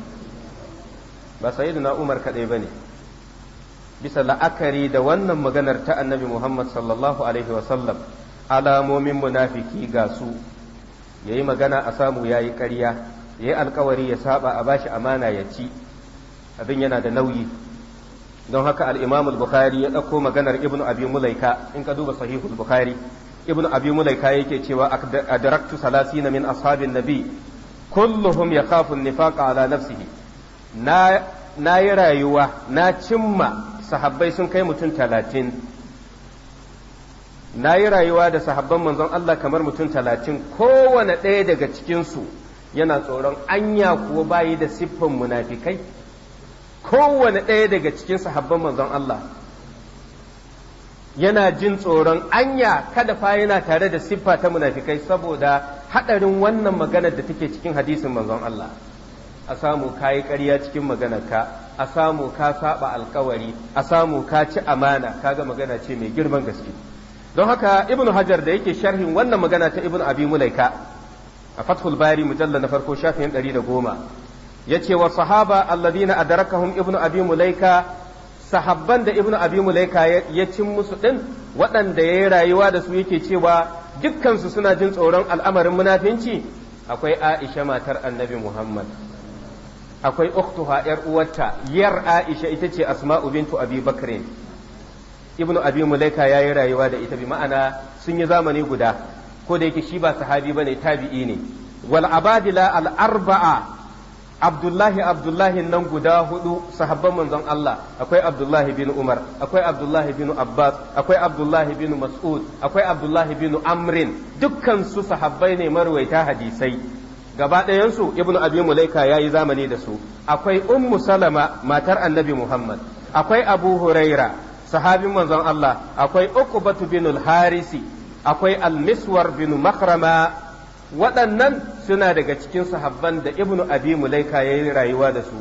ba sayyiduna umar kaɗai ba ne bisa la'akari da wannan maganar ta annabi muhammad sallallahu alaihi sallam. alamomin munafiki ga su ya yi magana a samu ya yi ƙarya ya yi alkawari ya saba a bashi amana ya ci abin yana da nauyi don haka al'imamul bukhari ya ɗauko maganar ibnu abi mulaika in ka duba sahihul bukhari ibnu abi mulaika yake cewa adraktu salasina min ashabin nabi kulluhum yakhafu nifaqa ala nafsihi na yi rayuwa na cimma sahabbai sun kai mutum talatin na yi rayuwa da sahabban manzon Allah kamar mutum talatin kowane ɗaya daga cikinsu yana tsoron anya kuwa bayi da siffan munafikai kowane ɗaya daga cikin sahabban manzon Allah yana jin tsoron anya kada fa yana tare da siffa ta munafikai saboda haɗarin wannan maganar da take cikin hadisin manzon Allah a samu ka yi ƙarya cikin maganarka a samu ka saba alkawari a samu ka ci amana kaga magana ce mai girman gaske don haka ibn hajar da yake sharhin wannan magana ta ibn abi mulaika a fathul bari mujalla na farko shafin 110 yace wa sahaba alladhina adrakahum ibn abi mulaika sahabban da ibn abi mulaika ya cin musu din waɗanda yayi rayuwa da su yake cewa dukkansu suna jin tsoron al'amarin munafinci akwai aisha matar annabi muhammad akwai uktuha yar uwarta yar aisha ita ce asma'u bintu abi bakrin ibn abi mulaika ya yi rayuwa da ita bi ma'ana sun yi zamani guda ko da yake shi ba sahabi bane tabi'i ne wal abadila al arba'a abdullahi abdullahi nan guda hudu sahabban manzon Allah akwai abdullahi bin umar akwai abdullahi bin abbas akwai abdullahi bin mas'ud akwai abdullahi bin amrin dukkan su sahabbai ne marwaita hadisai gaba ɗayansu ibnu abi mulaika yayi zamani da su akwai ummu salama matar annabi muhammad akwai abu huraira sahabin manzon Allah akwai Ukubatu bin harisi akwai Al-Miswar bin Makrama waɗannan suna daga cikin sahabban da Ibnu Abi Mulaika yayi rayuwa da su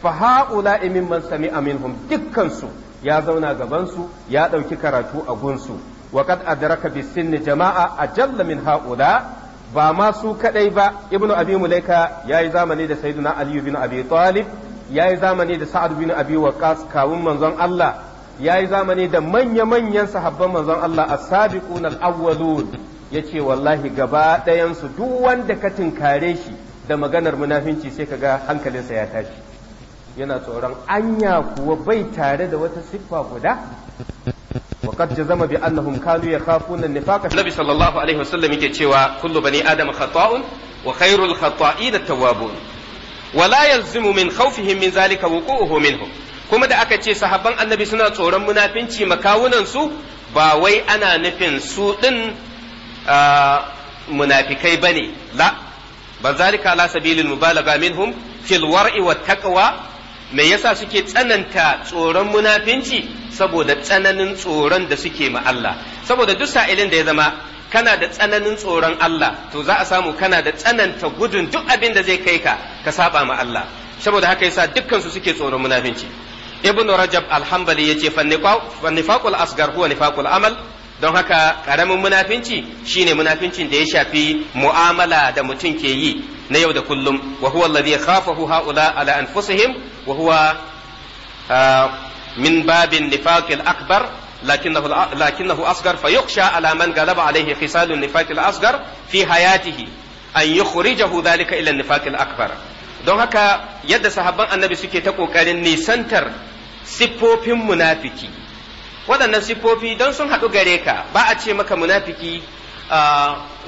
fa haula mimman sami'a minhum dukkan su ya zauna gaban su ya ɗauki karatu a gunsu wa qad adraka bis sinni jama'a ajalla min haula ba ma su kadai ba Ibnu Abi Mulaika yayi zamani da Sayyidina Ali bin Abi Talib yayi zamani da Sa'ad bin Abi Waqqas kawun manzon Allah ya yi zamani da manya-manyan sahabban manzon Allah a sabiqun al-awwalun yace wallahi gaba ɗayan su duk wanda ka tinkare shi da maganar munafinci sai kaga hankalinsa ya tashi yana tsoron anya kuwa bai tare da wata siffa guda وقد جزم بانهم كانوا يخافون النفاق النبي صلى الله عليه وسلم yake cewa kullu bani adam khata'un wa khairul khata'in at-tawwabun ولا يلزم من خوفهم من ذلك وقوعه منهم kuma da aka ce sahabban annabi suna tsoron munafinci makawunansu ba wai ana nufin su ɗin munafikai ba ne la ba zalika ala sabilil mubalaga minhum fil war'i wa taqwa me yasa suke tsananta tsoron munafinci saboda tsananin tsoron da suke ma Allah saboda duk sa'ilin da ya zama kana da tsananin tsoron Allah to za a samu kana da tsananta gudun duk abin da zai kai ka ka saba ma Allah saboda haka yasa dukkan su suke tsoron munafinci ibn rajab alhambali ya ce fannifakul asgar huwa nifakul amal don haka karamin munafinci shine munafincin da ya shafi mu'amala da mutum ke yi na yau da kullum wa huwa alladhi khafahu haula ala anfusihim wa huwa ah, min babin nifaqil akbar لكنه لكنه اصغر فيخشى على من غلب عليه خصال النفاق الاصغر في حياته ان يخرجه ذلك الى النفاق الاكبر don haka yadda sahabban annabi suke ta kokarin nisantar siffofin munafiki waɗannan siffofi don sun haɗu gare ka ba a ce maka munafiki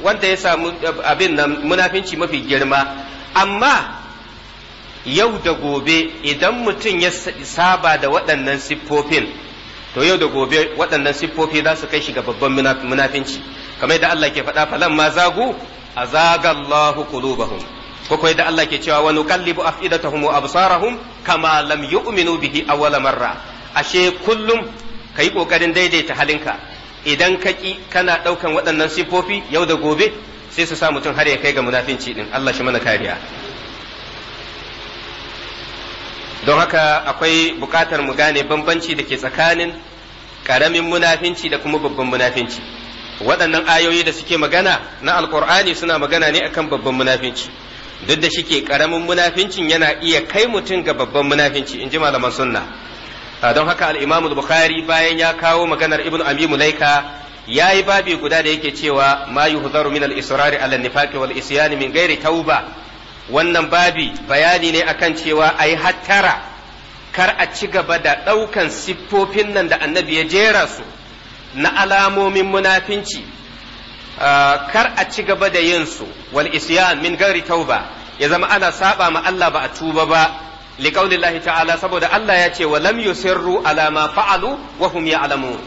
wanda ya samu abin nan munafinci mafi girma amma yau da gobe idan mutum ya saba da waɗannan siffofin to yau da gobe waɗannan siffofi za su kai shi ga babban munafinci kamar da Allah ke faɗa falan ma zagu azagallahu qulubahum ko kai da Allah ke cewa wani wa nuqallibu afidatahum wa absarahum kama lam yu'minu bihi awwala marra ashe kullum kai kokarin daidaita halinka idan ka ki kana daukan waɗannan sifofi yau da gobe sai su sa mutum har ya kai ga munafinci din Allah shi mana kariya don haka akwai bukatar mu gane bambanci da ke tsakanin karamin munafinci da kuma babban munafinci waɗannan ayoyi da suke magana na alkur'ani suna magana ne akan babban munafinci duk da shi ke karamin munafincin yana iya kai mutum ga babban munafinci in ji malaman sunna ah, don haka al bukhari bayan ya kawo maganar ibnu Abi Mulaika yi babi guda da yake cewa ma yuhzaru min al-israri ala nifaqi wal isyan min ghairi tauba wannan babi bayani ne akan cewa ai hattara kar a ci gaba da ɗaukan siffofin nan da annabi ya jera su na alamomin munafinci Ah, kar a ci gaba da yin su wal isyan min gari tauba ya zama ana saba ma Allah ba a tuba ba liqaulillahi ta'ala saboda Allah ya ce wa lam yusirru ala ma fa'alu wa hum ya'lamun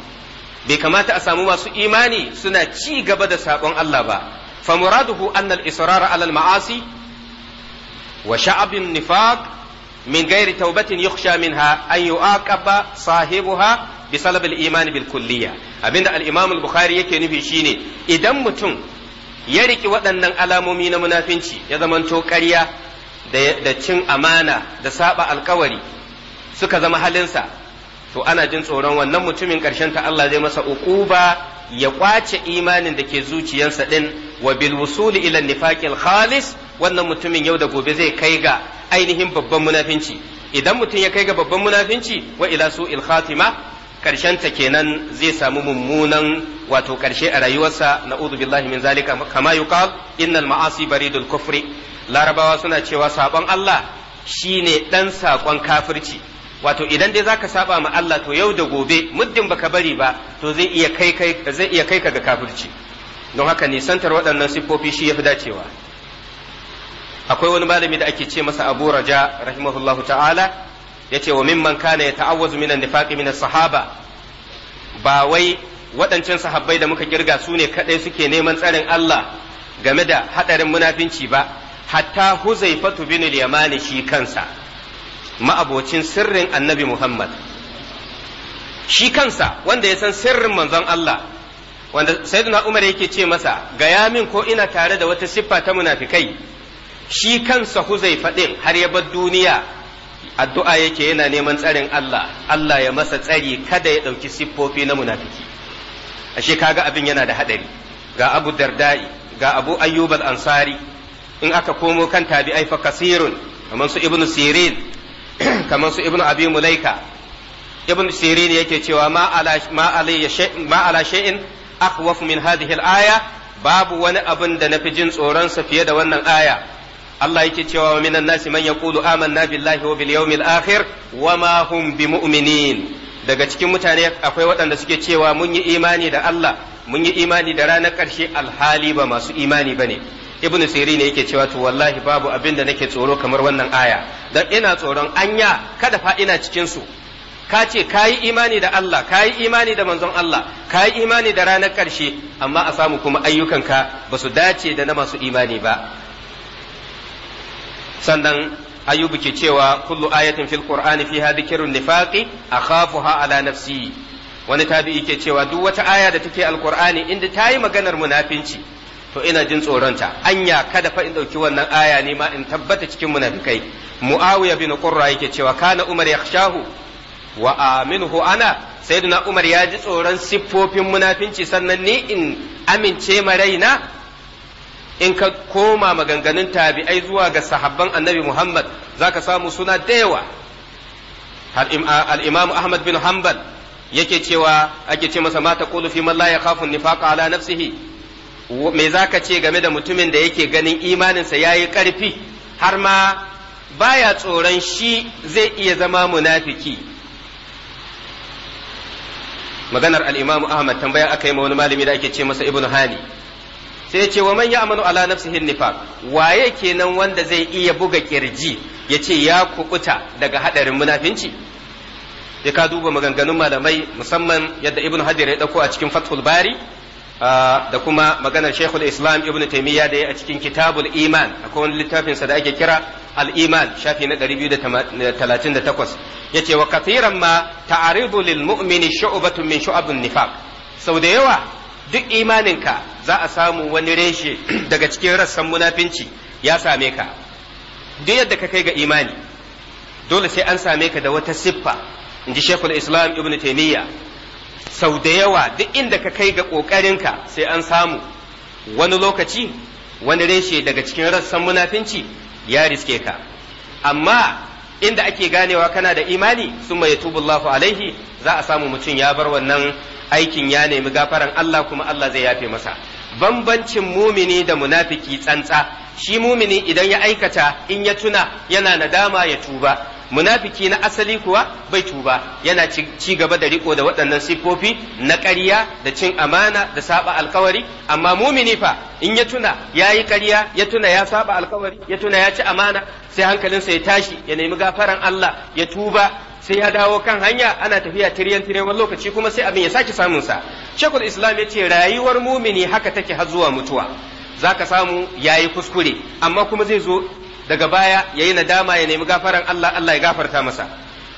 bai kamata a samu masu imani suna ci gaba da sabon Allah ba fa muraduhu anna al israra ala al-ma'asi wa sha'abin nifaq min gairi taubatin min ha an yu'aqaba sahibuha bi salab al-iman bil kulliya abinda al-imam al-bukhari yake nufi shine idan mutum ya riki waɗannan alamomi na munafinci ya zamanto ƙarya da cin amana da saɓa alkawari suka zama halinsa to ana jin tsoron wannan mutumin ƙarshen ta Allah zai masa uquba ya kwace imanin da ke zuciyarsa din wa bil wusuli ila nifaqil khalis wannan mutumin yau da gobe zai kai ga ainihin babban munafinci idan mutum ya kai ga babban munafinci wa ila su'il khatima karshen ta kenan zai samu mummunan wato karshe a rayuwarsa na'udhu billahi min zalika kama yuqal innal ma'asi baridul kufri larabawa suna cewa sabon Allah shine dan sakon kafirci wato idan dai zaka saba ma Allah to yau da gobe muddin baka bari ba to zai iya kai kai zai iya kai ka ga kafirci don haka nisantar waɗannan siffofi shi yafi dacewa akwai wani malami da ake ce masa Abu Raja rahimahullahu ta'ala yace wa mimman kana yata'awwazu minan nifaqi minas sahaba ba wai waɗancan sahabbai da muka kirga su ne kadai suke neman tsarin Allah game da hadarin munafinci ba hatta huzaifatu bin al-yamani shi kansa ma'abocin sirrin annabi Muhammad shi kansa wanda ya san sirrin manzon Allah wanda sayyidina Umar yake ce masa gaya min ko ina tare da wata siffa ta munafikai shi kansa huzai faɗin har ya bar duniya addu'a yake yana neman tsarin Allah Allah ya masa tsari kada ya ɗauki siffofi na munafiki ashe kaga abin yana da haɗari ga Abu Dardai ga Abu Ayyub al-Ansari in aka komo kan tabi'ai fa kasirun kamar su Ibn Sirin *clears throat* kamar su ibnu abi mulaika ibnu sirin yake cewa ma ala ma ala shay'in akhwaf min hadhihi al-aya babu wani abin da nafi jin tsoron sa fiye da wannan aya Allah yake cewa wa minan nasi man yaqulu amanna billahi wa bil yawmil akhir wa ma hum bimu'minin daga cikin mutane akwai waɗanda suke cewa mun yi imani da Allah mun yi imani da ranar ƙarshe alhali ba masu imani bane ibn siri ne yake cewa to wallahi babu abin da nake tsoro kamar wannan aya dan ina tsoron anya kada fa ina cikin su ka ce ka yi imani da Allah ka yi imani da manzon Allah ka yi imani da ranar karshe amma a samu kuma ayyukanka ba su dace da na masu imani ba sannan ayyubu ke cewa kullu ayatin fil qur'ani fiha dhikrun nifaqi akhafuha ala nafsi wani tabi'i ke cewa duk wata aya da take alqur'ani inda ta yi maganar munafinci to ina jin tsoronta anya kada fa in dauki wannan aya ne ma in tabbata cikin munafikai muawiya bin qurra yake cewa kana umar yakhshahu wa aminhu ana sayyidina umar ya ji tsoron siffofin munafinci sannan ni in amince ma raina in ka koma maganganun tabi'ai zuwa ga sahabban annabi Muhammad zaka samu suna da yawa al-imam Ahmad bin Hanbal yake cewa ake ce masa mata qulu fi man la yakhafu nifaqa ala nafsihi me za ka ce game da mutumin da yake ganin imaninsa ya yi ƙarfi har ma baya tsoron shi zai iya zama munafiki maganar al'imamu ahmad tambaya aka yi ma wani malami da ake ce masa ibn hani sai ya ce wa man amanu ala nafsihin nifaq waye kenan wanda zai iya buga kirji ya ce ya kukuta daga hadarin munafinci ya ka duba maganganun malamai musamman yadda ibn hajar ya ɗauko a cikin fathul bari da kuma maganar Sheikhul Islam Ibn Taymiyyah da ya a cikin Kitabul Iman akwai wani littafin sa da ake kira Al Iman shafi na 238 yace wa kathiran ma ta'aridu lil mu'mini shu'batun min shu'abun nifaq sau da yawa duk imaninka za a samu wani reshe *clears throat* daga cikin rassan munafinci ya same ka duk yadda ka kai ga imani dole sai an same ka da wata siffa inji Sheikhul Islam Ibn Taymiyyah sau da yawa duk inda ka kai ga ƙoƙarinka sai an samu wani lokaci wani reshe daga cikin rassan munafinci ya riske ka amma inda ake ganewa kana da imani sun mai tubullahu alaihi za a samu mutum ya bar wannan aikin ya nemi gafaran Allah kuma Allah zai yafe masa bambancin mumini da munafiki tsantsa shi mumini idan ya aikata in ya tuna yana nadama ya tuba munafiki na asali kuwa bai tuba yana ci gaba da riko da waɗannan siffofi na ƙarya da cin amana da saba alkawari amma mumini fa in ya tuna ya yi ƙarya ya tuna ya saba alkawari ya tuna ya ci amana sai hankalinsa ya tashi ya nemi gafaran Allah ya tuba sai ya dawo kan hanya ana tafiya tiryan tiryan wani lokaci kuma sai abin ya sake samun sa shekul islam ya ce rayuwar mumini haka take har zuwa mutuwa zaka samu yayi kuskure amma kuma zai zo daga baya ya yi nadama ya nemi gafaran Allah Allah ya gafarta masa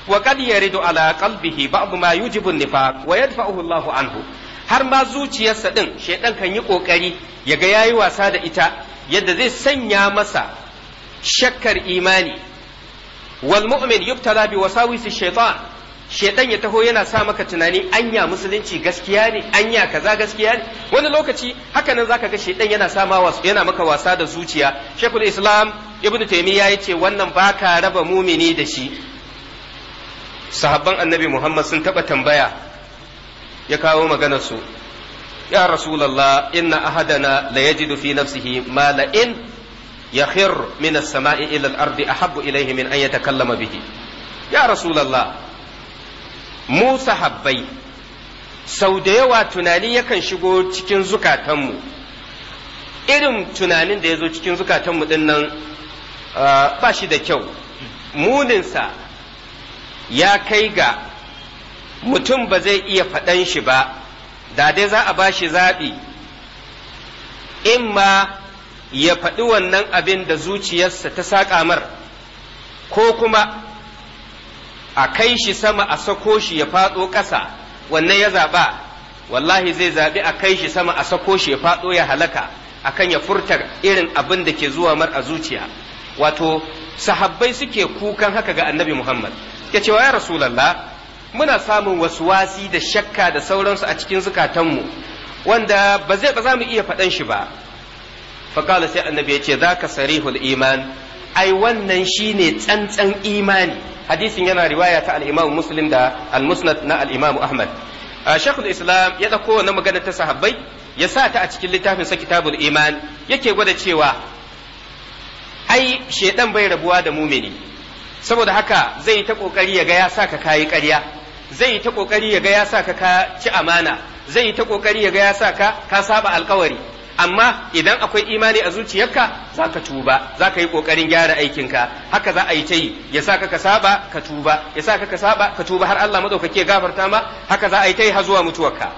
wa qad yaridu ala qalbihi ba'd ma yujibu nifaq wa yadfa'uhu Allah anhu har ma zuciyarsa din shedan kan yi kokari ya ga yayi wasa da ita yadda zai sanya masa shakkar imani wal mu'min yubtala bi wasawisi shaytan shedan ya taho yana sa maka tunani anya musulunci gaskiya ne anya kaza gaskiya ne wani lokaci hakanan zaka ga shedan yana sa yana maka wasa da zuciya shekul islam ibnu taymiya yace wannan baka raba mumini da shi sahabban annabi muhammad sun taba tambaya ya kawo maganar su ya rasulullah inna ahadana la yajidu fi nafsihi ma la in yakhir min as-sama'i ila al-ardi ahabbu ilayhi min an yatakallama bihi ya rasulullah mu sahabbai sau da yawa tunani yakan shigo cikin zukatanmu irin tunanin da ya zo cikin zukatanmu din nan ah, ba shi da kyau muninsa ya kai ga mutum ba zai iya faɗan shi ba da dai za a ba shi zaɓi in ma ya faɗi wannan abin da zuciyarsa ta saƙa mar ko kuma a kai shi sama a sako shi ya faɗo ƙasa wannan ya zaɓa wallahi zai zaɓi a kai shi sama a sako shi ya faɗo ya halaka akan ya furta irin abin da ke zuwa mar a zuciya wato sahabbai suke kukan haka ga annabi muhammad ya cewa ya rasulallah muna samun wasu wasi da shakka da sauransu a cikin zukatanmu wanda ba zai ba za mu iya faɗan shi ba faƙala sai annabi ya ce za ka sarihul iman ai wannan shine tsantsan imani hadisin yana riwaya ta al-Imam Muslim da al-Musnad na al-Imam Ahmad Sheikhul Islam ya dauko wannan magana ta sahabbai ya sa ta a cikin littafin sa Kitabul Iman yake gwada cewa ai shedan bai rabuwa da mumini saboda haka zai ta kokari ya ga ya saka kayi ƙarya zai ta kokari ya ga ya saka ka ci amana zai ta kokari ya ga ya saka ka ka saba alkawari amma idan akwai imani a zuciyarka za ka tuba za ka yi ƙoƙarin gyara aikinka haka za a yi ta yi ya sa ka saba ka tuba ya sa ka saba ka tuba har Allah maɗaukaki ya gafarta ma haka za a yi ta yi har zuwa mutuwarka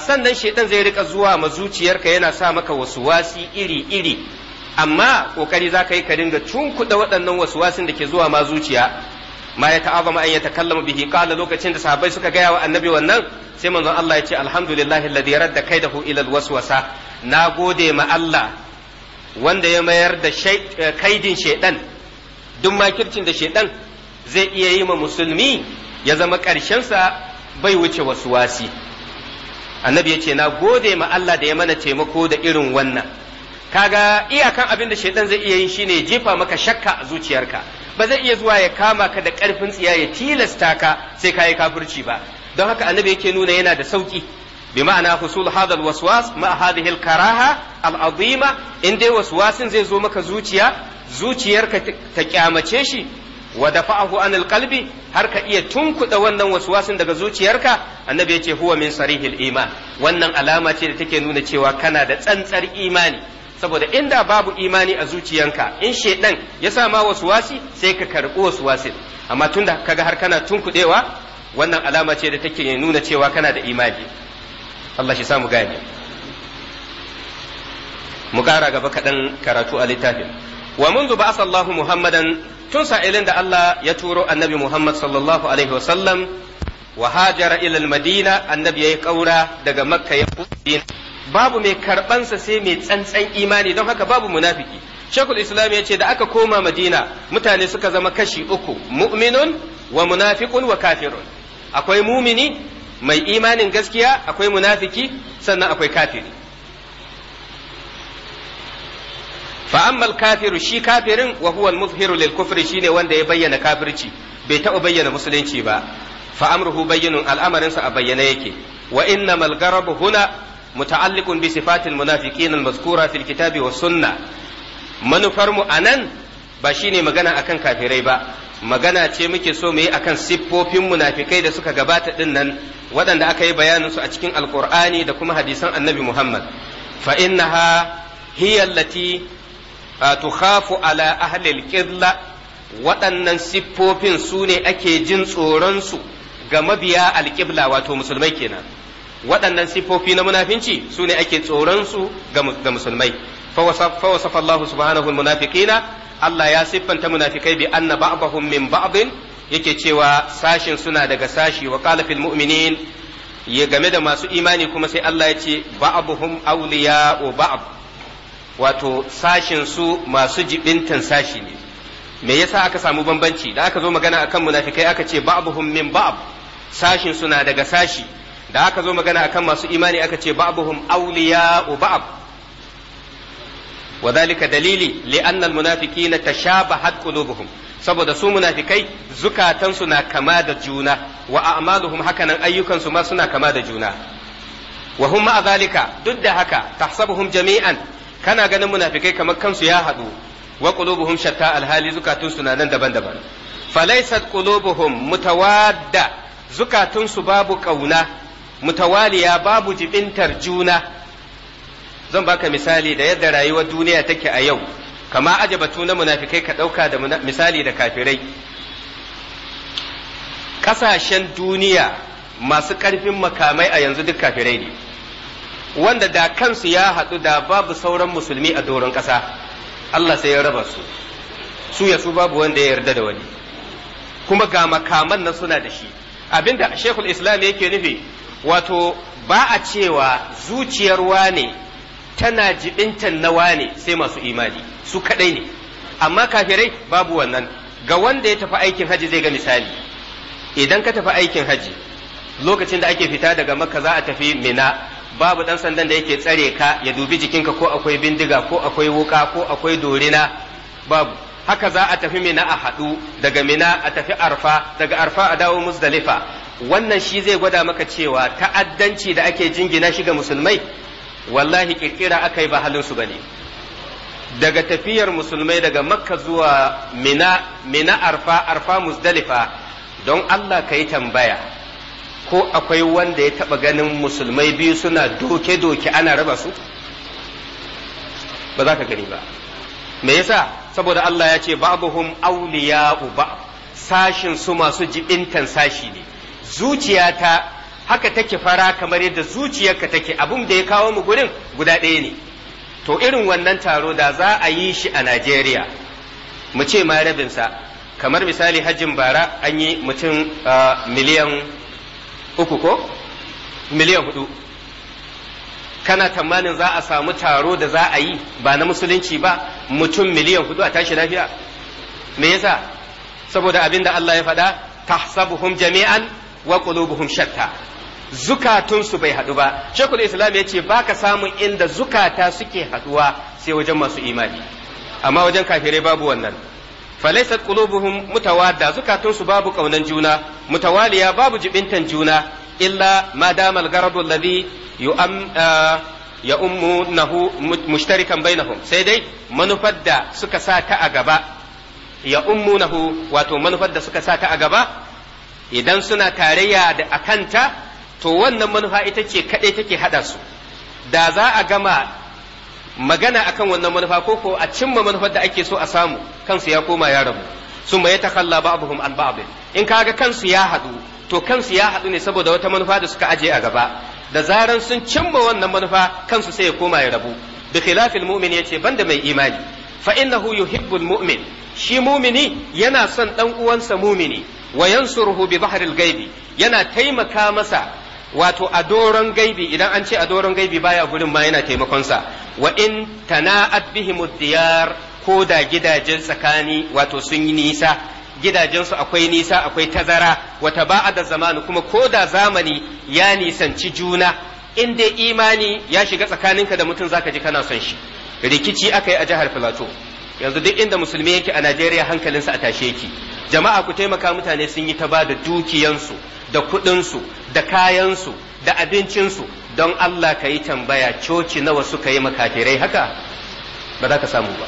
sannan shaitan zai rika zuwa ma zuciyarka yana sa maka wasu wasi iri iri amma ƙoƙari za ka yi ka dinga tunkuɗa waɗannan wasu wasin da ke zuwa ma zuciya ma ya ta'azama an ya takallama bihi qala lokacin da sahabbai suka gaya wa annabi wannan sai manzon Allah ya ce alhamdulillahi alladhi radda kaidahu ila alwaswasa na gode ma Allah wanda ya mayar da eh, kaidin shaidan duk makircin da shaidan zai iya yi ma musulmi ya zama ƙarshensa bai wuce wasu wasi annabi ya ce na gode ma Allah da ya mana taimako da irin wannan kaga iyakan abin da shaidan zai iya yi shine jefa maka shakka a zuciyarka ba zai iya zuwa ya kama ka da ƙarfin tsiya ya tilasta ka sai ka yi kafirci ba don haka annabi yake nuna yana da sauki بمعنى حصول هذا الوسواس مع هذه الكراهة العظيمة إن دي وسواس زي زومك زوتيا زوتيار تكامتشي شي ودفعه عن القلب هركا إيه تنكو دا ونن وسواس دا زوتياركا النبي يتي هو من صريح الإيمان ونن علامة تكي نونة تيوا كان دا تنصر إيماني saboda inda babu imani a zuciyanka in shedan ya sa ma wasuwasi sai ka karɓi wasuwasin amma tunda kaga har kana tunkuɗewa wannan alama ce da take nuna cewa kana da imani Allah shi samu gane mu ƙara gaba kaɗan karatu a littafin wa منذ بعث الله muhammadan tun sa'ilin da Allah ya turo annabi Muhammad sallallahu alaihi wa sallam wa hajara ila madina annabi yayi kaura daga makka ya madina babu mai karbansa sai mai tsantsan imani don haka babu munafiki shekul islam ya ce da aka koma madina mutane suka zama kashi uku mu'minun wa munafiqun wa kafirun akwai mumini mai imanin gaskiya akwai munafiki sannan akwai kafiri fa ammal kafiru shi kafirin wa huwa al-muzhiru lil kufri shine wanda ya bayyana kafirci bai taɓa bayyana musulunci ba fa amruhu al'amarinsa a bayyane yake wa innamal garabu huna muta'alliqun bi sifatil munafiqin al-mazkura fil kitabi was sunna manufar mu nan ba shine magana akan kafirai ba magana ce muke so mu yi akan siffofin munafikai da suka gabata din nan waɗanda aka yi bayanin su a cikin alkur'ani da kuma hadisan annabi muhammad fa innaha hiya allati tukhafu ala ahli alqibla waɗannan siffofin su ne ake jin tsoron su ga mabiya alqibla wato musulmai kenan waɗannan siffofi na munafinci su ne ake tsoron su ga musulmai fa wasafa Allah subhanahu almunafiqina Allah ya siffanta munafikai bi anna ba'dahum min ba'din yake cewa sashin suna daga sashi wa qala fil mu'minin ya game da masu imani kuma sai Allah ya ce ba'dhum awliya wa ba'd wato sashin su masu jibintan sashi ne me yasa aka samu bambanci da aka zo magana akan munafikai aka ce ba'dhum min ba'd sashin suna daga sashi da aka zo magana akan masu imani aka ce ba'dhum awliya wa ba'd wa zalika dalili li anna ta munafiqina tashabahat qulubuhum saboda su munafikai zukatansu na kama da juna wa a'maluhum hakanan ayyukansu ma suna kama da juna wa hum ma zalika duk da haka tahsabuhum jami'an kana ganin munafikai kamar kansu ya haɗu wa qulubuhum shatta alhali zukatunsu na nan daban-daban falaysat qulubuhum mutawadda zukatunsu babu kauna mutawaliya babu jibintar juna zan baka misali da yadda rayuwar duniya take a yau kama ajabatu na munafikai ka ɗauka da misali da kafirai ƙasashen duniya masu ƙarfin makamai a yanzu duk kafirai ne wanda da kansu ya haɗu da babu sauran musulmi a doron ƙasa Allah sai ya raba su su ya su babu wanda ya yarda da wani kuma ga makaman nan suna da shi abinda shekul islam yake nufi wato ba a cewa zuciyar wane tana jibintan nawa ne sai masu imani su kadai ne amma kafirai babu wannan ga wanda ya tafi aikin haji zai ga misali idan ka tafi aikin haji lokacin da ake fita daga makka za a tafi mina babu ɗan sandan da yake tsare ka ya dubi jikinka ko akwai bindiga ko akwai wuka ko akwai dorina babu haka za a tafi mina a haɗu daga mina a tafi arfa daga arfa a dawo muzdalifa wannan shi zai gwada maka cewa ta'addanci da ake jingina shi ga musulmai wallahi kirkira aka yi ba halinsu ba ne daga tafiyar musulmai daga makka zuwa mina arfa arfa musdalifa don allah ka yi tambaya ko akwai wanda ya taba ganin musulmai biyu suna doke-doke ana raba su ba za ka gani ba me yasa saboda allah ya ce babuhum awliya'u ba sashin su masu jibintan sashi ne zuciyata haka take fara kamar yadda zuciyarka take abin da ya kawo mu gurin guda ɗaya ne to irin wannan taro da za a yi shi a Najeriya mu ce ma rabinsa kamar misali hajjin bara an yi mutum miliyan uku ko miliyan hudu kana tamanin za a samu taro da za a yi ba na musulunci ba mutum miliyan hudu a tashi lafiya me yasa saboda abin da Allah ya faɗa tahsabuhum jami'an wa qulubuhum shatta zukatunsu bai haɗu ba shekul islam ya ce baka samun inda zukata suke haɗuwa sai wajen masu imani amma wajen kafirai babu wannan falaisat qulubuhum mutawadda zukatunsu babu kaunan juna mutawaliya babu jibintan juna illa ma dama al-garadu alladhi yu'am uh, ya ummu nahu mushtarikan bainahum sai dai manufar da suka sa ta a gaba ya ummu nahu wato manufar da suka sa ta a gaba idan suna tarayya da akanta to wannan manufa ita ce kaɗai take haɗa su da za a gama magana akan wannan manufa ko ko a cimma manufar da ake so a samu kansu ya koma ya rabu sun ya takalla ba'dhum an ba'd in ga kansu ya haɗu to kansu ya haɗu ne saboda wata manufa da suka aje a gaba da zaran sun cimma wannan manufa kansu sai ya koma ya rabu bi khilafil mu'min yace banda mai imani fa innahu yuhibbul mu'min shi mumini yana son dan uwansa mumini wa yansuruhu bi bahril gaibi yana taimaka masa wato a doron gaibi idan an ce a doron gaibi baya gurin ma yana taimakonsa wa in tana'at bihim diyar ko da gidajen tsakani wato sun yi nisa gidajensu akwai nisa akwai tazara wata ba'a da zamani kuma ko da zamani ya nisanci juna in dai imani ya shiga tsakaninka da mutum zaka ji kana son shi rikici aka yi a jihar filato yanzu duk inda musulmi yake a najeriya hankalinsa a tashe yake jama'a ku taimaka mutane sun yi ta ba da dukiyansu da kuɗinsu da kayansu da abincinsu don Allah ka yi tambaya coci nawa suka yi makafirai haka ba za ka samu ba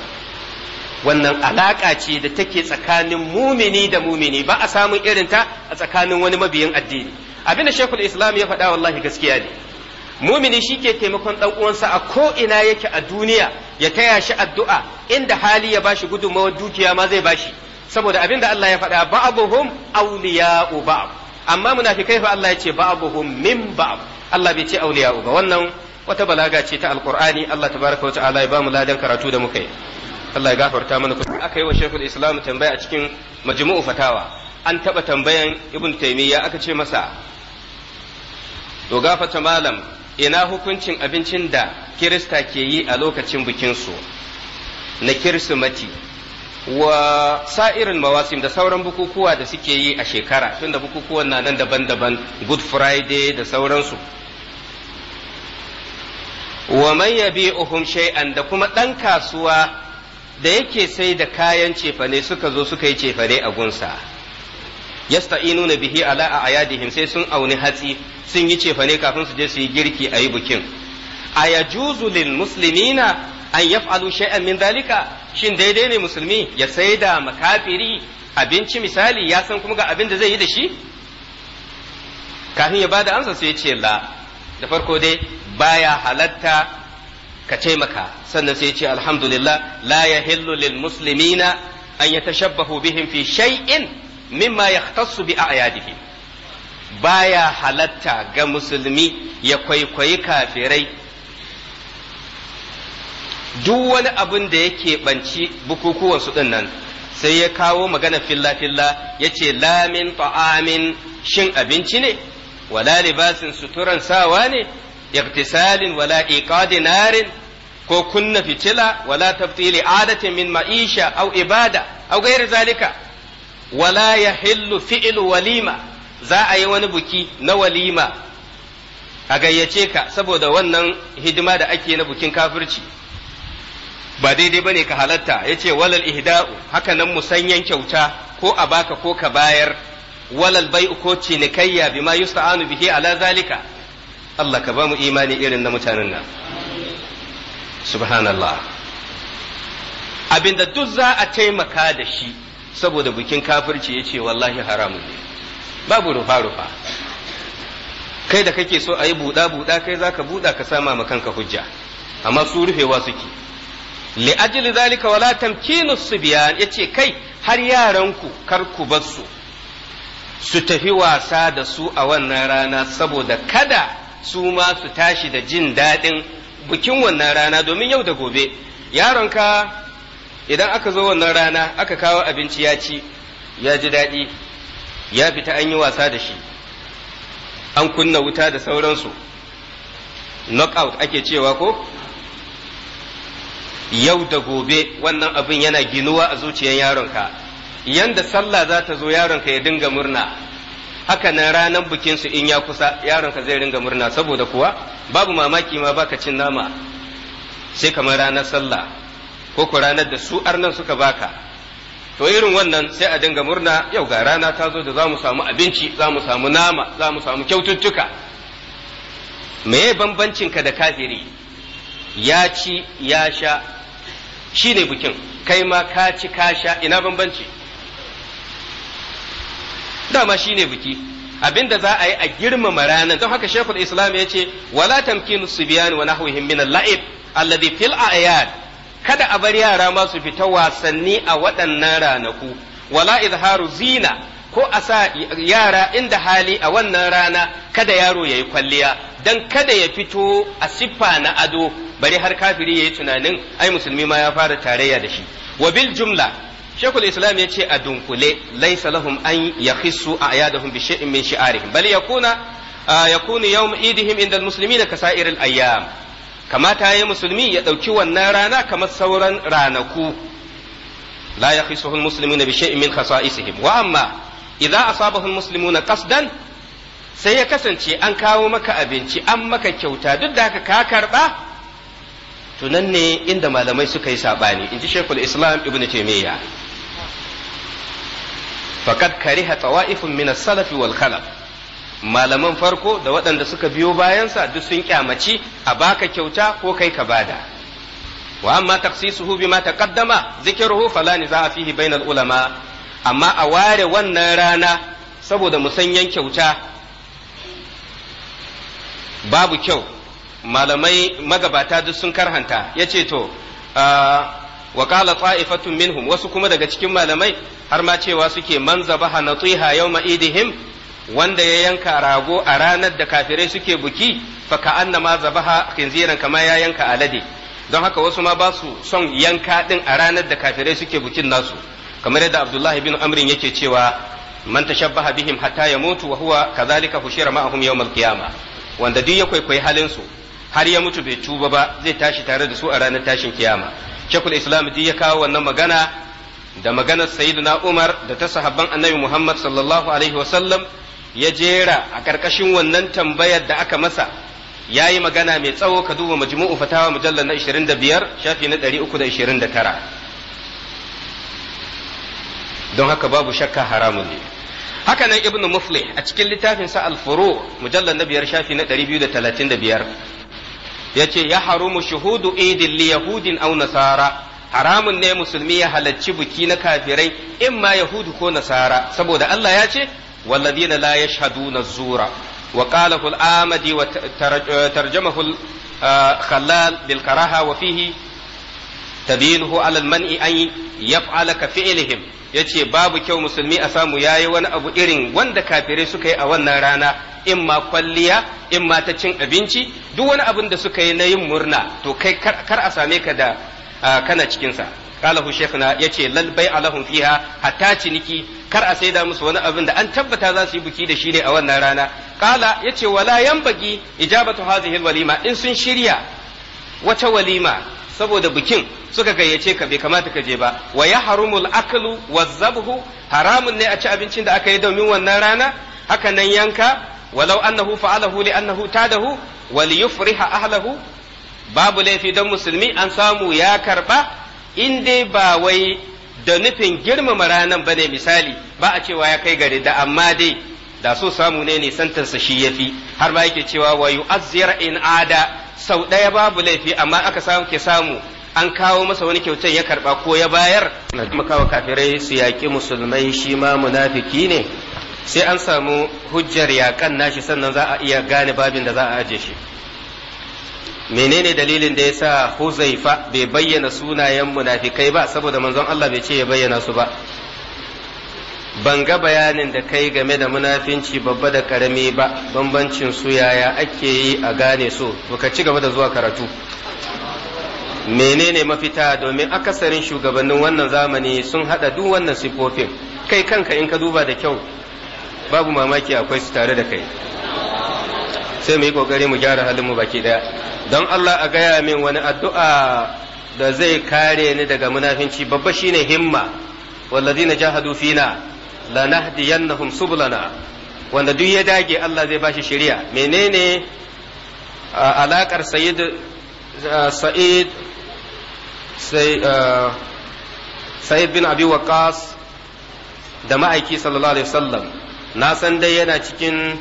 wannan alaƙa ce da take tsakanin mumini da mumini ba a samun irinta a tsakanin wani mabiyin addini abin da shekul islam ya faɗa wallahi gaskiya ne mumini shi ke taimakon ɗan uwansa a ko ina yake a duniya ya taya shi addu'a inda hali ya bashi gudunmawar dukiya ma zai bashi saboda abinda Allah ya faɗa ba'dhum awliya'u ba'd amma munafikai fa Allah ya ce ba'dhum min ba'd Allah bai ce awliya'u ba wannan wata balaga ce ta alqur'ani Allah tabaraka wa ta'ala ya ba mu ladan karatu da muka yi Allah ya gafarta mana kuma aka yi wa Sheikhul Islam tambaya a cikin majmu'u fatawa an taba tambayan Ibn Taymiyyah aka ce masa to gafata malam ina hukuncin abincin da Kirista ke yi a lokacin bikin su na Kirsimati wa sa'irin mawasim da sauran bukukuwa da suke yi a shekara tunda bukukuwan na nan daban-daban good friday da sauransu wa man yabi'uhum shay'an da kuma ɗan kasuwa da yake sai da kayan cefane suka zo suka yi cefane a gunsa yasta'inuna bihi ala ayadihim sai sun auni hatsi sun yi cefane kafin su je su yi girki a yi bukin ayajuzu lil muslimina an yaf'alu shay'an min dalika shin daidai ne musulmi ya sai da makafiri abinci misali ya san kuma ga abin da zai yi da shi kafin ya ba da amsa sai ya ce la da farko dai baya halatta ka taimaka sannan sai ya ce alhamdulillah la ya yahillu lil muslimina an ya shabbahu bihim fi shay'in mimma yahtassu bi a'yadihim baya halatta ga musulmi ya kwaikwayi kafirai duk wani abin da yake banci bukukuwan su nan sai ya kawo magana filla filla ya ce lamin ta'amin shin abinci ne wala libasin suturan sawa ne iqtisalin wala iqadi narin ko kunna fitila wala tabtili adati min ma'isha aw ibada aw ghairi zalika wala yahillu fi'l walima za a yi wani buki na walima a gayyace ka saboda wannan hidima da ake na bukin kafirci ba daidai ne ka halatta yace walal ihda'u haka nan musanyen kyauta ko a baka ko ka bayar walal bai'u ko cinikayya bima yusta'anu bihi ala zalika Allah ka ba mu imani irin na mutanen nan subhanallah abinda duk za a taimaka da shi saboda bikin kafirci yace wallahi haramun ne babu rufa rufa kai da kake so a yi buɗa buɗa kai za ka buɗa ka sama ma kanka hujja amma su rufewa suke li ajli zalika wala tamkinu subyan yace kai har yaranku kar ku bar su su tafi wasa da su a wannan rana saboda kada su ma su tashi da jin daɗin bikin wannan rana domin yau da gobe yaronka idan aka zo wannan rana aka kawo abinci ya ci ya ji daɗi ya fita an yi wasa da shi an kunna wuta da sauransu knockout ake cewa ko yau da gobe wannan abin yana ginuwa a zuciyar yaronka yanda sallah za ta zo yaronka ya dinga murna haka nan ranar bikin su in ya kusa yaronka zai dinga murna saboda kuwa babu mamaki ma baka cin nama sai kamar ranar sallah ko ku ranar da su arnan suka baka to irin wannan sai a dinga murna yau ga rana ta zo da za mu samu abinci za mu samu nama za mu samu kyaututtuka me bambancinka da kafiri ya ci ya sha Shi ne bikin kai ma ka ci ka sha ina bambanci dama ne biki abinda za a yi a girmama ranar don haka shekul islam ya ce wala tamkinu ni wa hauhin min al-la'ib alladhi fil a'yad kada a bar yara ma su fita wasanni a waɗannan ranaku wala izharu zina ko a sa yara inda hali a wannan rana kada yaro ya yi kwalliya don kada ya fito a siffa na ado bari har kafiri yi tunanin ai musulmi ma ya fara tarayya da shi wa bil jumla shekul islam ya ce a dunkule laisa lahum an a a'yadahum bi shay'in min shi'arihim bal yakuna yakunu yawm idihim inda almuslimina ka sa'iril ayyam kamata yayi musulmi ya dauki wannan rana kamar sauran ranaku la yakhissuhu almuslimuna bi shay'in min khasa'isihim wa amma idza asabahu almuslimuna qasdan sai ya kasance an kawo maka abinci an maka kyauta duk da haka ka karba tunan ne inda malamai suka yi sabani inji shekul islam ibn taimiyya faqad kariha tawa'ifun min as-salaf wal khalaf malaman farko da waɗanda suka biyo bayansa duk sun kyamaci a baka kyauta ko kai ka bada wa amma taqsisuhu bima taqaddama zikruhu fala nizaa fihi bainal ulama amma a ware wannan rana saboda musanyen kyauta babu kyau malamai magabata duk sun karhanta ya ce to ah, wa qala ta'ifatun minhum wasu kuma daga cikin malamai har ma cewa suke man zabaha natiha yawma idihim wanda ya yanka rago a ranar da kafirai suke buki fa ka'anna ma zabaha khinziran kama ya yanka alade don haka wasu ma ba su son yanka ɗin a ranar da kafirai suke bukin nasu kamar yadda Abdullahi bin Amrin yake cewa man tashabbaha bihim hatta yamutu wa huwa kadhalika hushira ma'ahum yawm al-qiyamah wanda duk ya kwaikwayi halin su har ya mutu bai tuba ba zai tashi tare da su a ranar tashin kiyama shekul islam di ya kawo wannan magana da maganar sayyiduna umar da ta sahabban annabi muhammad sallallahu alaihi wasallam ya jera a karkashin wannan tambayar da aka masa ya yi magana mai tsawo ka duba majmu'u fatawa mujallar na 25 shafi na 329 don haka babu shakka haramun ne haka nan ibnu muflih a cikin littafin sa al-furu mujallar na biyar shafi na 235 yace ya harumu shuhudu idin li yahudin aw nasara haramun ne musulmi ya halarci buki na kafirai in ma yahudu ko nasara saboda Allah ya ce walladina la yashhaduna zura wa qala al amadi wa eh, tarjamahu al eh, khallal bil karaha wa fihi tabinuhu ala al man'i an yaf'ala ka fi'lihim yace babu kyau musulmi a samu yayi wani abu irin wanda kafirai suka yi a wannan rana in ma kwalliya in ma cin abinci duk wani abin da suka yi na yin murna to kai kar a same ka da kana cikinsa kalahu shekuna ya ce lalbai alahun fiha hatta ciniki kar a saida musu wani abin da an tabbata za su yi buki da shi ne a wannan rana kala ya ce wala yambagi ijabatu hazihi walima in sun shirya wata walima saboda bikin suka gayyace ka bai kamata ka je ba wa ya harumul aklu wa haramun ne a ci abincin da aka yi domin wannan rana haka nan yanka walau annahu fa'alahu li annahu tadahu wa li yufriha ahlahu babu laifi don musulmi an samu ya karɓa in dai ba wai da nufin girmama ranan ba ne misali ba'a cewa ya kai gari da amma dai da so samu ne nisantarsa shi yafi har ma yake cewa wa yu'azzir in ada sau ɗaya babu laifi amma aka samu ke samu an kawo masa wani kyautar ya karba ko ya bayar na kuma kawo kafirai su yaƙi musulmai shi ma munafiki ne sai an samu hujjar yakan nashi sannan za a iya gane babin da za a aje shi menene dalilin da ya sa huzaifa bai bayyana sunayen munafikai ba saboda manzon Allah bai ce ya bayyana su ba ban ga bayanin da kai game da munafinci babba da karami ba bambancin su yaya ake yi a gane su ka ci gaba da zuwa karatu menene mafita domin akasarin shugabannin wannan zamani sun haɗa duk wannan sifofin kai kanka in ka duba da kyau babu mamaki akwai su tare da kai sai mu yi kokari mu gyara halin mu baki daya don Allah a gaya min wani addu'a da zai kare ni daga munafinci babba shine himma walladina jahadu fina lanahdiyannahum subulana wanda duk ya dage Allah zai bashi shari'a menene alakar sayyid sa'id Sayyid bin abi waqas da ma'aiki sallallahu alaihi wasallam na san dai yana cikin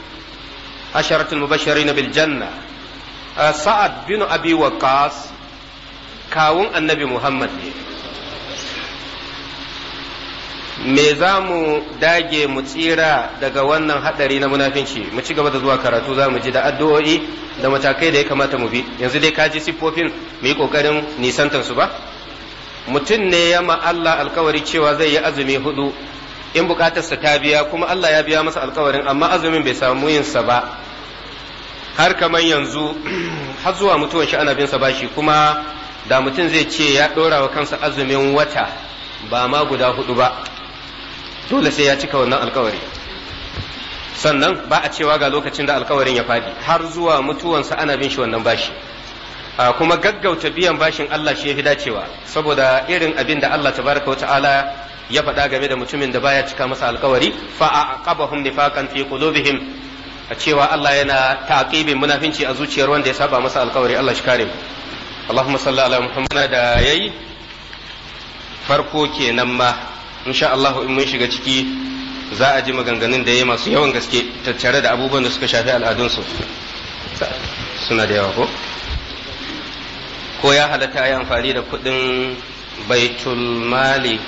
asharatul mubashirin bil janna sa'ad bin abi waqas kawun annabi muhammad ne me za mu dage mu tsira daga wannan hadari na munafinci mu ci gaba da zuwa karatu za mu ji da addu'o'i da matakai da ya kamata mu bi yanzu dai ka ji siffofin mu yi kokarin nisantansu ba mutum ne ya ma Allah alkawari cewa zai yi azumi hudu in sa ta biya kuma Allah ya biya masa alkawarin amma azumin bai samu yinsa ba har kamar yanzu *clears throat* har zuwa mutuwan shi ana binsa bashi kuma da mutum zai ce ya ɗora wa kansa azumin wata ba ma guda hudu ba dole sai ya cika wannan alkawari sannan ba a cewa ga lokacin da alkawarin ya fadi har zuwa mutuwansa ana bin shi wannan bashi kuma gaggauta biyan bashin Allah shi ya fi dacewa saboda irin abin da Allah tabaraka wa ta'ala ya faɗa game da mutumin da baya cika masa alkawari fa aqabahum nifaqan fi qulubihim a cewa Allah yana taqibin munafinci a zuciyar wanda ya saba masa alkawari Allah shi kare Allahumma salli ala Muhammad da yayi farko kenan ma insha Allah in mun shiga ciki za a ji maganganun da yayi masu yawan gaske tattare da abubuwan da suka shafi al'adunsu suna da yawa ko ko ya halatta yi amfani da kuɗin baitul mali